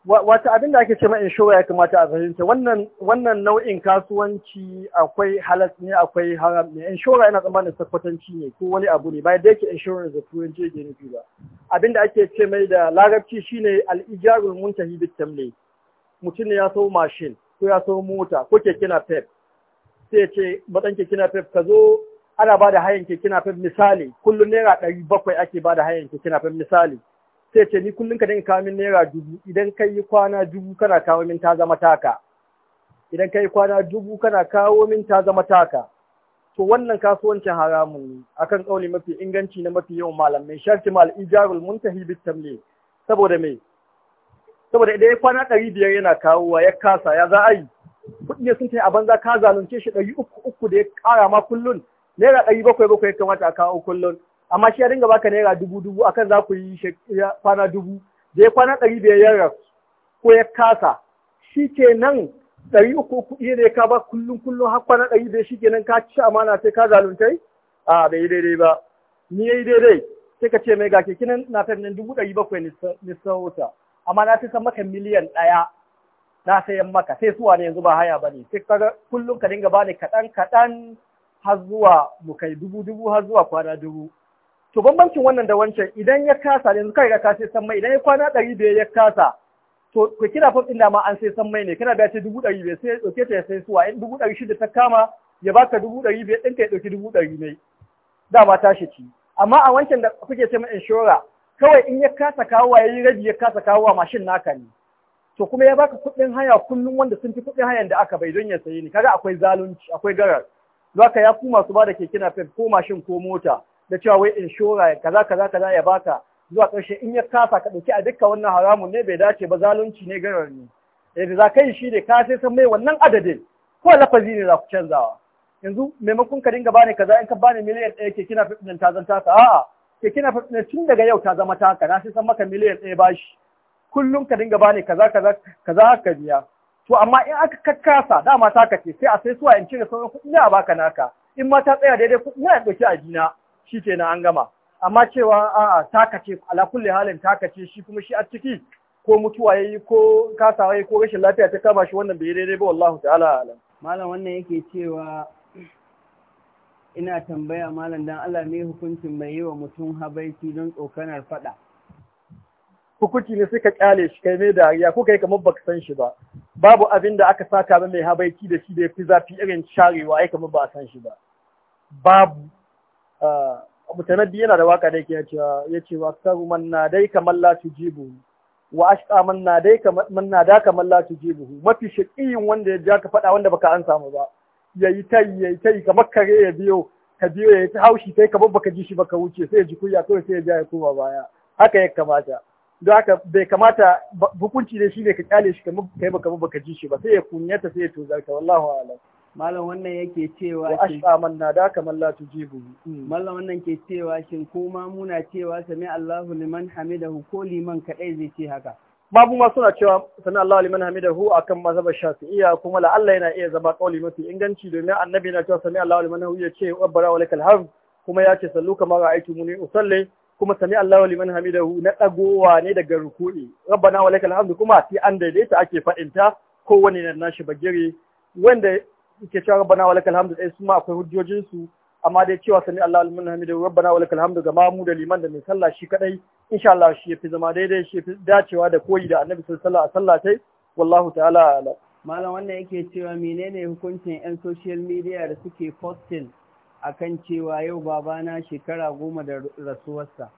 Wata abin da ake ce ma inshora ya kamata a fahimta wannan nau'in kasuwanci akwai halas ne akwai haram ne inshora yana tsammanin sakwatanci ne ko wani abu ne bayan da yake inshora da turin jirgin nufi ba abin da ake ce mai da larabci shine al-ijarul muntahi bit tamlik mutum ya so mashin ko ya so mota ko keke pep sai ce matsan kekina pep ka zo ana ba da hayan keke pep misali kullum naira ɗari bakwai ake ba da hayan kekina pep misali sai ce ni kullum ka dinga kawo min naira dubu idan ka yi kwana dubu kana kawo min ta zama taka idan ka yi kwana dubu kana kawo min ta zama taka to wannan kasuwancin haramun ne akan tsauni mafi inganci na mafi yawan malamai sharti mal ijarul muntahi bit tamli saboda me saboda idan ya kwana ɗari biyar yana kawowa ya kasa ya za a yi kuɗi ne sun ce a banza ka zalunce shi ɗari uku uku da ya ƙara ma kullun naira ɗari bakwai bakwai ya kamata a kawo kullun amma shi ya dinga baka naira dubu dubu akan za ku yi kwana dubu da ya kwana ɗari biyar ya rasu ko ya kasa shi ke nan ɗari uku uku iya ne ka ba kullum kullum har kwana ɗari biyar shi ke nan ka ci amana sai ka zalunce a bai yi daidai ba ni ya yi daidai sai ka ce mai ga keke nan na ta nan dubu ɗari bakwai nisan wuta amma na sai san maka miliyan ɗaya na sayan maka sai suwa ne yanzu ba haya ba ne sai kaga kullum ka dinga bani kaɗan kaɗan har zuwa mu kai dubu dubu har zuwa kwana dubu to bambancin wannan da wancan idan ya kasa yanzu kai ga ka sai san mai idan ya kwana ɗari biyar ya kasa to ku kira fom ɗin ma an sai san mai ne kana biya ce dubu ɗari biyar sai ya ɗauke ta ya sai suwa in dubu ɗari shida ta kama ya baka dubu ɗari biyar ɗinka ya ɗauki dubu ɗari ne dama tashi ci amma a wancan da kuke ce ma inshora kawai in ya kasa kawowa ya yi rabi ya kasa kawowa mashin naka ne to kuma ya baka kuɗin haya kullum wanda sun fi kuɗin hayan da aka bai don ya sayi ni kaga akwai zalunci akwai garar zaka ya kuma su bada keke na ko mashin ko mota da cewa wai inshora kaza kaza kaza ya baka zuwa ƙarshe in ya kasa ka ɗauki a dukkan wannan haramun ne bai dace ba zalunci ne garar ne Yanzu eh, za ka yi shi ne ka sai san mai wannan adadin ko lafazi ne za ku canzawa yanzu maimakon ka dinga bani kaza in ka bani miliyan ɗaya ke kina fitin ta zan a'a kina na tun daga yau ta zama taka na sai san maka miliyan ɗaya bashi kullum ka dinga bani kaza kaza kaza ka biya to amma in aka kakkasa dama taka ce sai a sai suwa in cire sauran kuɗi ne a baka naka in ma ta tsaya daidai kuɗi ne a ɗauki a jina shikenan an gama amma cewa a'a taka ce ala kulli halin taka ce shi kuma shi a ciki ko mutuwa yayi ko kasawa yayi ko rashin lafiya ta kama shi wannan bai daidai ba wallahi ta'ala
malam wannan yake cewa ina tambaya malam dan Allah ne hukuncin mai yi wa mutum habaiki don tsokanar fada hukunci ne suka kyale shi kai mai dariya
ko kai kamar baka san shi ba babu abin da aka saka ba mai habaiki da shi da ya fi zafi irin
sharewa ai kamar ba a san shi ba
babu ah, mutanabbi yana da waka da yake ya ce wa karu man na dai kamar la jibu. wa ashqa man na dai kamar man na Mafi shi la mafi wanda ya ja ka faɗa wanda baka an samu ba ya yi ta ya yi ta kamar kare ya biyo ka biyo ya yi ta haushi sai kamar baka ji shi baka wuce sai ya ji kuya kawai sai ya ja ya koma baya haka ya kamata don haka bai kamata hukunci ne
shi ne ka kyale shi kamar kai baka baka ji shi ba sai ya kunyata sai ya ka wallahu a'lam Malam wannan yake cewa wa ashqa da haka kamar la tujibu hmm. Malam wannan ke cewa shin ko ma muna cewa sami Allahu liman hamidahu ko liman kadai zai ce haka ma suna cewa sanin Allah liman hamidahu akan mazhabar Shafi'iyya kuma la Allah yana iya zama kauli mafi inganci domin
annabi na cewa sami Allah liman hamidahu yace rabbana walakal hamd kuma yace sallu kama ra'aytu muni usalli kuma sami Allah liman hamidahu na dagowa ne daga ruku'i rabbana walakal hamd kuma ti an daidaita ake fadin ta wani na nashi bagire wanda yake cewa rabbana walakal hamd dai su ma akwai hujjojin su amma dai cewa sani Allah al-munna hamidu rabbana wa lakal hamdu gama mu da liman da mai sallah shi kadai insha Allah shi yafi zama daidai shi yafi dacewa da koyi da annabi sallallahu alaihi
wasallam sai wallahu ta'ala ala malam wannan yake cewa menene hukuncin yan social media da suke posting akan cewa yau babana shekara goma da rasuwarsa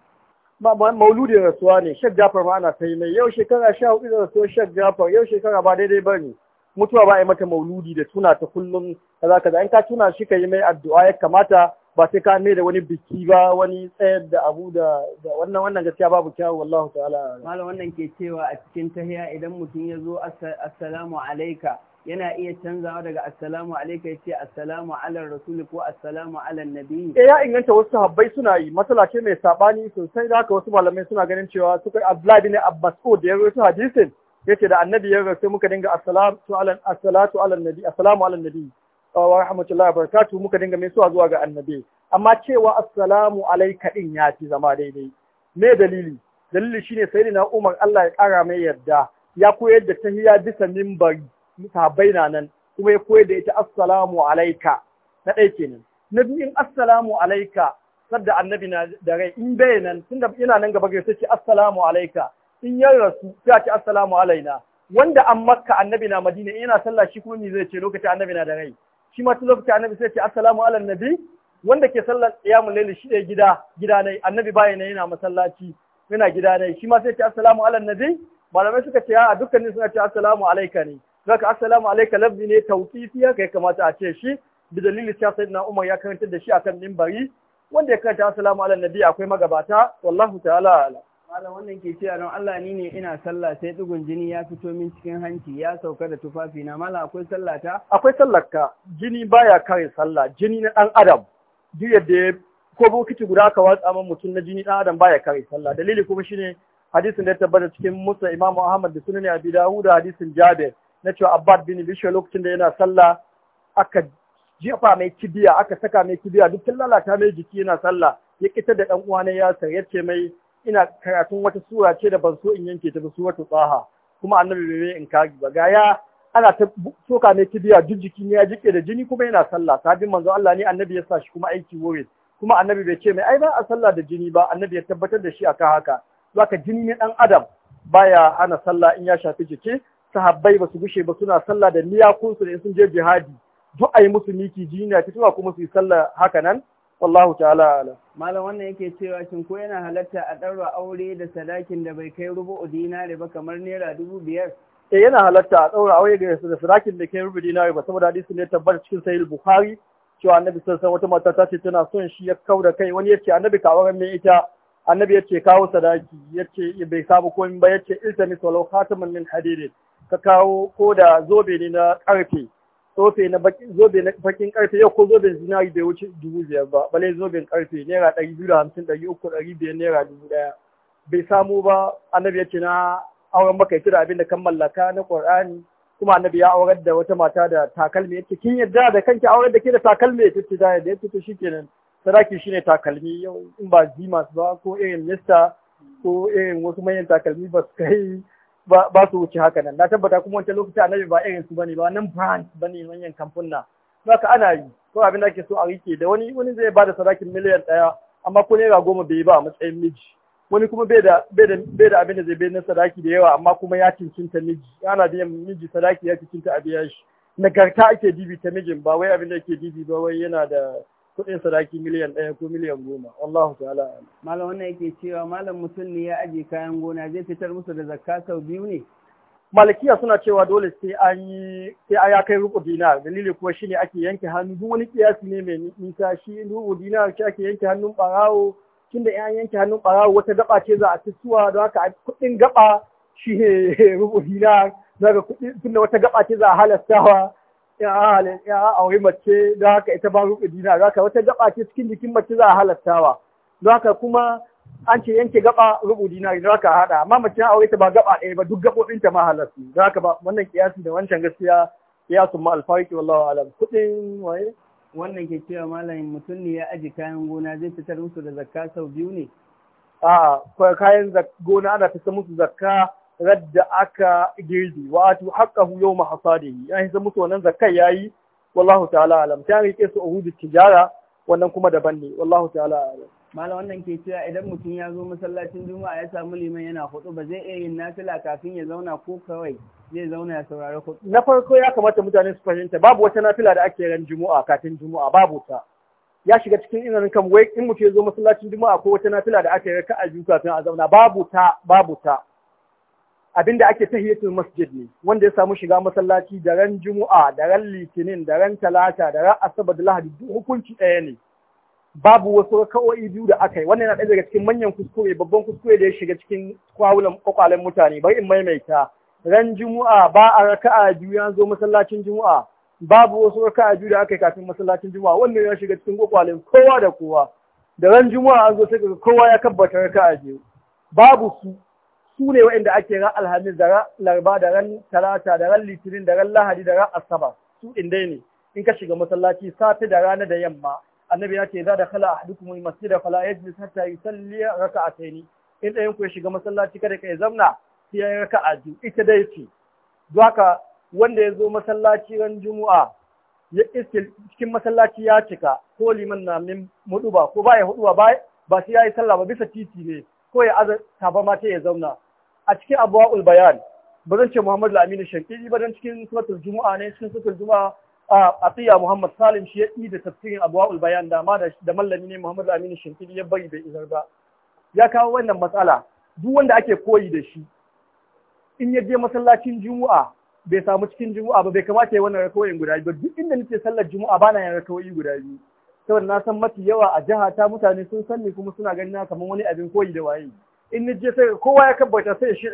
ba mauludi rasuwa ne shek jafar ma ana sai mai yau shekara 14 da rasuwar shek jafar yau shekara ba daidai ba ne mutuwa ba a yi mata mauludi da tuna ta kullum kaza kaza in ka tuna shi ka yi mai addu'a ya kamata ba sai ka mai da wani biki ba wani tsayar da
abu da wannan wannan gaskiya babu kyawu wallahu ta'ala malam wannan ke cewa a cikin tahiya idan mutum ya zo assalamu alaika yana iya canzawa daga assalamu alaika ya ce assalamu ala rasul ko assalamu ala nabi eh
ya inganta wasu habbai suna yi matsala ce mai sabani sosai da haka wasu malamai suna ganin cewa suka Abdullahi ne Abbas ko oh, da ya rawaito hadisin yace da annabi ya rasu muka dinga assalatu ala assalatu ala nabi assalamu ala nabi wa rahmatullahi muka dinga mai suwa zuwa ga annabi amma cewa assalamu alaika din ya ci zama daidai me dalili dalili shine sayyidina Umar Allah ya kara mai yarda ya koyar da tahiyya bisa minbari sahabbai na nan kuma ya koyar da ita assalamu alayka na dai kenan na biyu in assalamu alayka sadda annabi na da rai in bai nan tunda yana nan gaba ga sai assalamu alaika. in yi rasu ya ce assalamu alaina wanda an makka annabi na madina yana sallah shi kuma me zai ce lokaci annabi na da rai shi ma lokaci annabi sai ce assalamu ala nabi wanda ke sallar qiyamul layl shi dai gida gida ne annabi baya ne yana masallaci yana gida ne shi ma sai ce assalamu ala nabi malamai suka ce a dukkanin suna ce assalamu alaika ne zaka assalamu alaika lafzi ne ya kai kamata a ce shi bi dalilin cewa sayyidina Umar ya karanta da shi akan minbari wanda ya karanta assalamu ala nabi akwai
magabata wallahu ta'ala malam wannan ke cewa don Allah ni ne ina sallah sai dugun jini ya fito min cikin hanci ya sauka da tufafi na malam akwai ta? akwai ka jini baya
kare sallah jini na dan adam duk yadda ko bokiti guda ka watsa man mutum na jini dan adam baya kare sallah dalili kuma shine hadisin da ya tabbata cikin Musa Imam Ahmad da Sunan Abi Dawud da hadisin Jabir na cewa Abbad bin Bishr lokacin da yana sallah aka jefa mai kibiya aka saka mai kibiya duk lalata mai jiki yana sallah ya kitar da ɗan uwa ne ya sayar ce mai ina karatun wata sura ce da ban so in yanke ta ba wata tsaha kuma annabi bai in kagi ba ga ya ana ta soka mai kibiya duk jiki ne ya jike da jini kuma yana sallah sabin manzo Allah ne annabi ya sa shi kuma aiki wurin kuma annabi bai ce mai ai ba a sallah da jini ba annabi ya tabbatar da shi akan haka zaka jini ne dan adam baya ana sallah in ya shafi jiki sahabbai ba su gushe ba suna sallah da miyakunsu da sun je jihadi duk ai musu miki
jini na fitowa kuma su yi sallah haka nan wallahu ta'ala alam malam wannan yake cewa shin ko yana halatta a ɗaura aure da sadakin da bai kai rubu'u dinari ba kamar naira dubu biyar
eh yana halatta a ɗaura aure da sadakin da kai rubu'u dinari ba saboda hadisi ne tabbata cikin sahih bukhari cewa annabi sallallahu alaihi wata mata ta ce tana son shi ya kau da kai wani yace annabi ka auren ita annabi yace kawo sadaki yace bai samu komai ba yace iltami salau khataman min hadirin ka kawo ko da zobe ne na karfe tsofe na zobe na bakin karfe yau ko zoben zinari bai wuce dubu biyar ba bale zoben karfe naira ɗari biyu da hamsin ɗari uku ɗari biyar naira dubu ɗaya bai samu ba annabi ya ce na auren makaiti ya abin da kan mallaka na ƙur'ani kuma annabi ya aurar da wata mata da takalmi ce kin yadda da kanki aurar da ke da takalmi ya tace da yadda yace to shikenan sadaki shine takalmi in ba zimas ba ko irin nista ko irin wasu manyan takalmi ba su kai ba su wuce haka nan na tabbata kuma wancan lokaci annabi ba irin su bane ba wannan brand bane manyan kamfuna haka ana yi ko abin da ake so a rike da wani wani zai bada sadakin miliyan ɗaya amma ko naira goma bai ba a matsayin miji wani kuma bai da bai da abin da zai bai na sadaki da yawa amma kuma ya cincinta miji ana biyan miji sadaki ya cincinta a biya shi nagarta ake dibi ta mijin ba wai abin da ake
dibi ba wai yana da kuɗin sadaki miliyan ɗaya ko miliyan goma wallahu ta'ala malam wannan yake cewa malam mutum ne ya aje kayan gona zai fitar musu da zakka sau biyu ne malikiya suna cewa dole sai an yi sai a ya kai rubu dinar dalili kuwa shine ake yanke hannu
duk wani kiyasi ne mai nisa shi rubu dinar shi ake yanke hannun barawo tunda an yanke hannun barawo wata gaba ce za a tsuwa don haka kuɗin gaba shi ne rubu dinar daga kuɗin tunda wata gaba ce za a halastawa ya halin mace don haka ita ba ruɓe dina don haka wata gaba ce cikin jikin mace za a halattawa don haka kuma an ce yanke gaba rubu dina. don haka hada amma mace aure ta ba gaba ɗaya ba duk gabobin ta ma halarci
don haka ba wannan kiyasi da wancan gaskiya kiyasu ma alfariki wallahu alam kudin waye wannan ke cewa malamin mutum ne ya aji kayan gona zai fitar musu da zakka sau biyu ne a'a kayan gona ana fitar musu zakka radda aka
girbi wato haqqahu yawma hasadihi ya hisa musu wannan zakai yayi wallahu ta'ala alam ta rike su uhudu tijara wannan kuma daban ne wallahu ta'ala alam
mala wannan ke cewa idan mutum ya zo masallacin juma'a ya samu liman yana hudu ba zai iya yin nafila kafin ya zauna ko kawai zai zauna ya saurari hudu na farko ya kamata mutane su fahimta babu wata nafila da ake ran juma'a
kafin juma'a babu ta ya shiga cikin irin kan wai in mutum ya zo masallacin juma'a ko wata nafila da ake yi raka'a biyu kafin a zauna babu ta babu ta Abin da ake tahiyatul masjid ne wanda ya samu shiga masallaci da ran juma'a da ran litinin da ran talata da ran asabar da lahadi duk hukunci ɗaya ne babu wasu raka'o'i biyu da aka yi wannan yana ɗaya daga cikin manyan kuskure babban kuskure da ya shiga cikin kwawulan kwakwalen mutane bari in maimaita ran juma'a ba a raka'a biyu ya zo masallacin juma'a babu wasu raka'a biyu da aka yi kafin masallacin juma'a wannan ya shiga cikin kwakwalen kowa da kowa da ran juma'a an zo sai kowa ya kabbata raka'a biyu babu su su ne waɗanda ake ran alhamis da ran larba da ran talata da ran litinin da ran lahadi da ran asaba. su ɗin dai ne in ka shiga masallaci safe da rana da yamma annabi ya ce za da kala khala ahdukum almasjida fala yajlis hatta yusalli raka'atayn in ɗayan ku ya shiga masallaci kada ka zamna sai ya yi raka'a biyu ita dai ce haka wanda ya zo masallaci ran Jumu'a? ya cikin masallaci ya cika ko liman na min hudu ba ko ba ya hudu ba ba sai ya yi sallah ba bisa titi ne ko ya azar taba ma ya zauna a cikin abwaul bayan ba zan ce Muhammadu Aminu Shankiri ba don cikin suratul Juma'a ne cikin suratul Juma'a a tsiya Muhammad Salim shi ya yi da tafsirin abuwa bayan da ma da mallami ne Muhammadu Aminu Shankiri ya bari bai izar ba ya kawo wannan matsala duk wanda ake koyi da shi in ya je masallacin Juma'a bai samu cikin Juma'a ba bai kamata ya wannan rakawoyin guda biyu duk inda nake sallar Juma'a bana yin rakawoyi guda biyu saboda na san mafi yawa a jiha ta mutane sun san ni kuma suna ganin kamar wani abin koyi da waye in na je sai kowa ya kabbata sai shi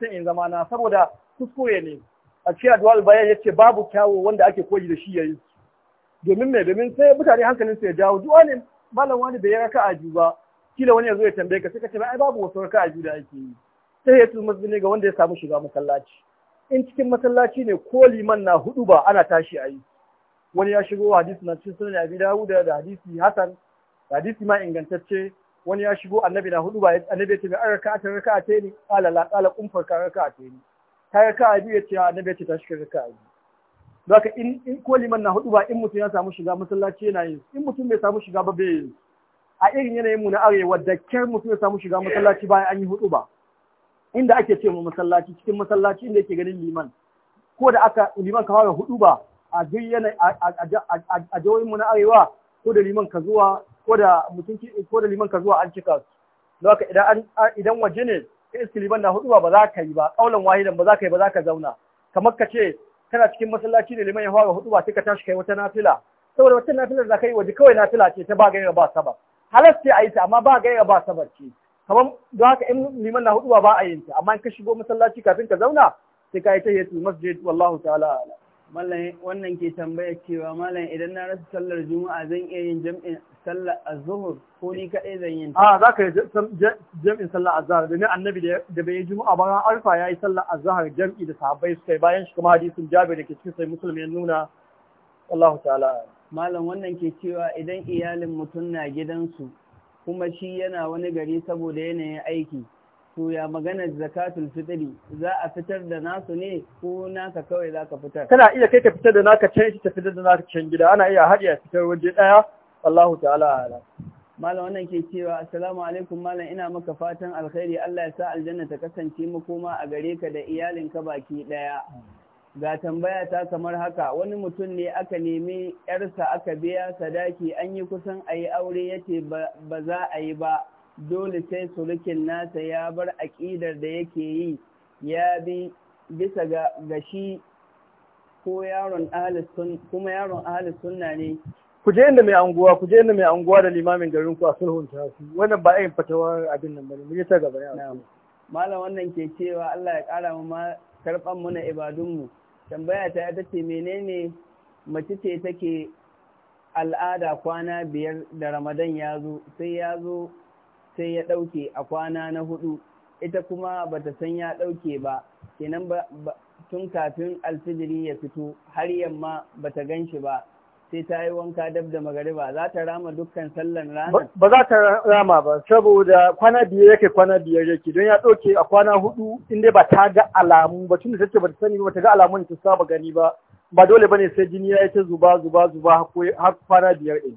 sai in zama na saboda kuskure ne a cikin addu'a bayan ce babu kyawu wanda ake koyi da shi yayi domin me domin sai mutane hankalin su ya dawo, du'a ne malam wani bai raka a ba kila wani ya zo ya tambaye ka sai ka ce ai babu wasu raka a da ake yi sai ya tuma ne ga wanda ya samu shiga masallaci in cikin masallaci ne ko liman na hudu ba ana tashi a yi wani ya shigo hadisi na cikin sunan abi dawud da hadisi hasan hadisi ma ingantacce wani ya shigo annabi na hudu ba annabi ya ce mai arka ta raka ta ne kala la kala kumfar ka raka ta ne ta raka biyu ya ce annabi ya ce ta shiga raka biyu Zaka in in ko liman na hudu ba in mutum ya samu shiga masallaci yana yin in mutum bai samu shiga ba bai yin a irin yanayin mu na arewa da kyar mutum ya samu shiga masallaci bayan an yi hudu ba inda ake ce mu masallaci cikin masallaci inda yake ganin liman ko da aka liman ka fara hudu ba a duk yanayi a jawoyin mu na arewa ko da liman ka zuwa ko da liman ka zuwa an cika su don haka idan waje ne ka iski liman na hudu ba za ka yi ba kaulan wahidan ba za ka yi ba za ka zauna kamar ka ce kana cikin masallaci ne liman ya fara hudu ba sai ka tashi kai wata nafila saboda wata nafila da ka yi waje kawai nafila ce ta ba gaira ba sabab halas ce a yi ta amma ba gaira ba sabab ce kamar don haka in liman na hudu ba ba a yi ta amma in ka shigo masallaci kafin ka zauna sai
ka yi ta yi masjid wallahu ta'ala wannan ke tambaya cewa malam idan na rasa sallar juma'a zan iya yin jam'in sallar azhur ko ni kaɗai zan yin a
za ka yi jam'in sallar azhar domin annabi da bai yi juma'a ba ran arfa ya yi sallar azhar jam'i da
sahabbai suka yi bayan shi kuma hadisin jabir da ke cikin sai musulmi ya nuna Allahu ta'ala malam wannan ke cewa idan iyalin mutum na gidansu kuma shi yana wani gari saboda yanayin aiki to ya maganar zakatul fitri za a fitar da nasu ne ko naka kawai za ka fitar kana
iya kai ka fitar da naka can shi ta fitar da naka can gida ana iya hadiya fitar waje ɗaya Allahu ta'ala ala
malam wannan ke cewa assalamu alaikum malam ina maka fatan alkhairi Allah ya sa aljanna ta kasance makoma a gare ka da iyalinka baki ɗaya ga tambaya ta kamar haka wani mutum ne aka nemi yarsa aka biya sadaki an yi kusan a yi aure yace ba za a yi ba dole sai sulukin nasa ya bar aƙidar da yake yi ya bi bisa ga gashi ko yaron kuma yaron ahalus na ne ku je inda mai anguwa ku je inda mai anguwa da limamin garin ku a sulhun ta su wannan ba yin fatawa abin nan bane mun ta gaba ya malam wannan ke cewa Allah ya kara mu ma karban mu na ibadun mu tambaya ta ya tace menene mace ce take al'ada kwana biyar da Ramadan ya zo sai ya zo sai ya ɗauke a kwana na hudu ita kuma ba ta san ya ɗauke ba kenan ba tun kafin alfijiri ya fito har yamma ta gan shi ba sai ta yi wanka dab da magariba za ta rama dukkan sallan rana
ba za ta rama ba saboda kwana biyar yake kwana biyar yake don ya ɗauke a kwana hudu inda ba ta ga alamu ba tun da take ba ta sani ba ta ga alamun ta saba gani ba ba dole ba ne sai jini ya yi ta zuba zuba zuba har kwana biyar ɗin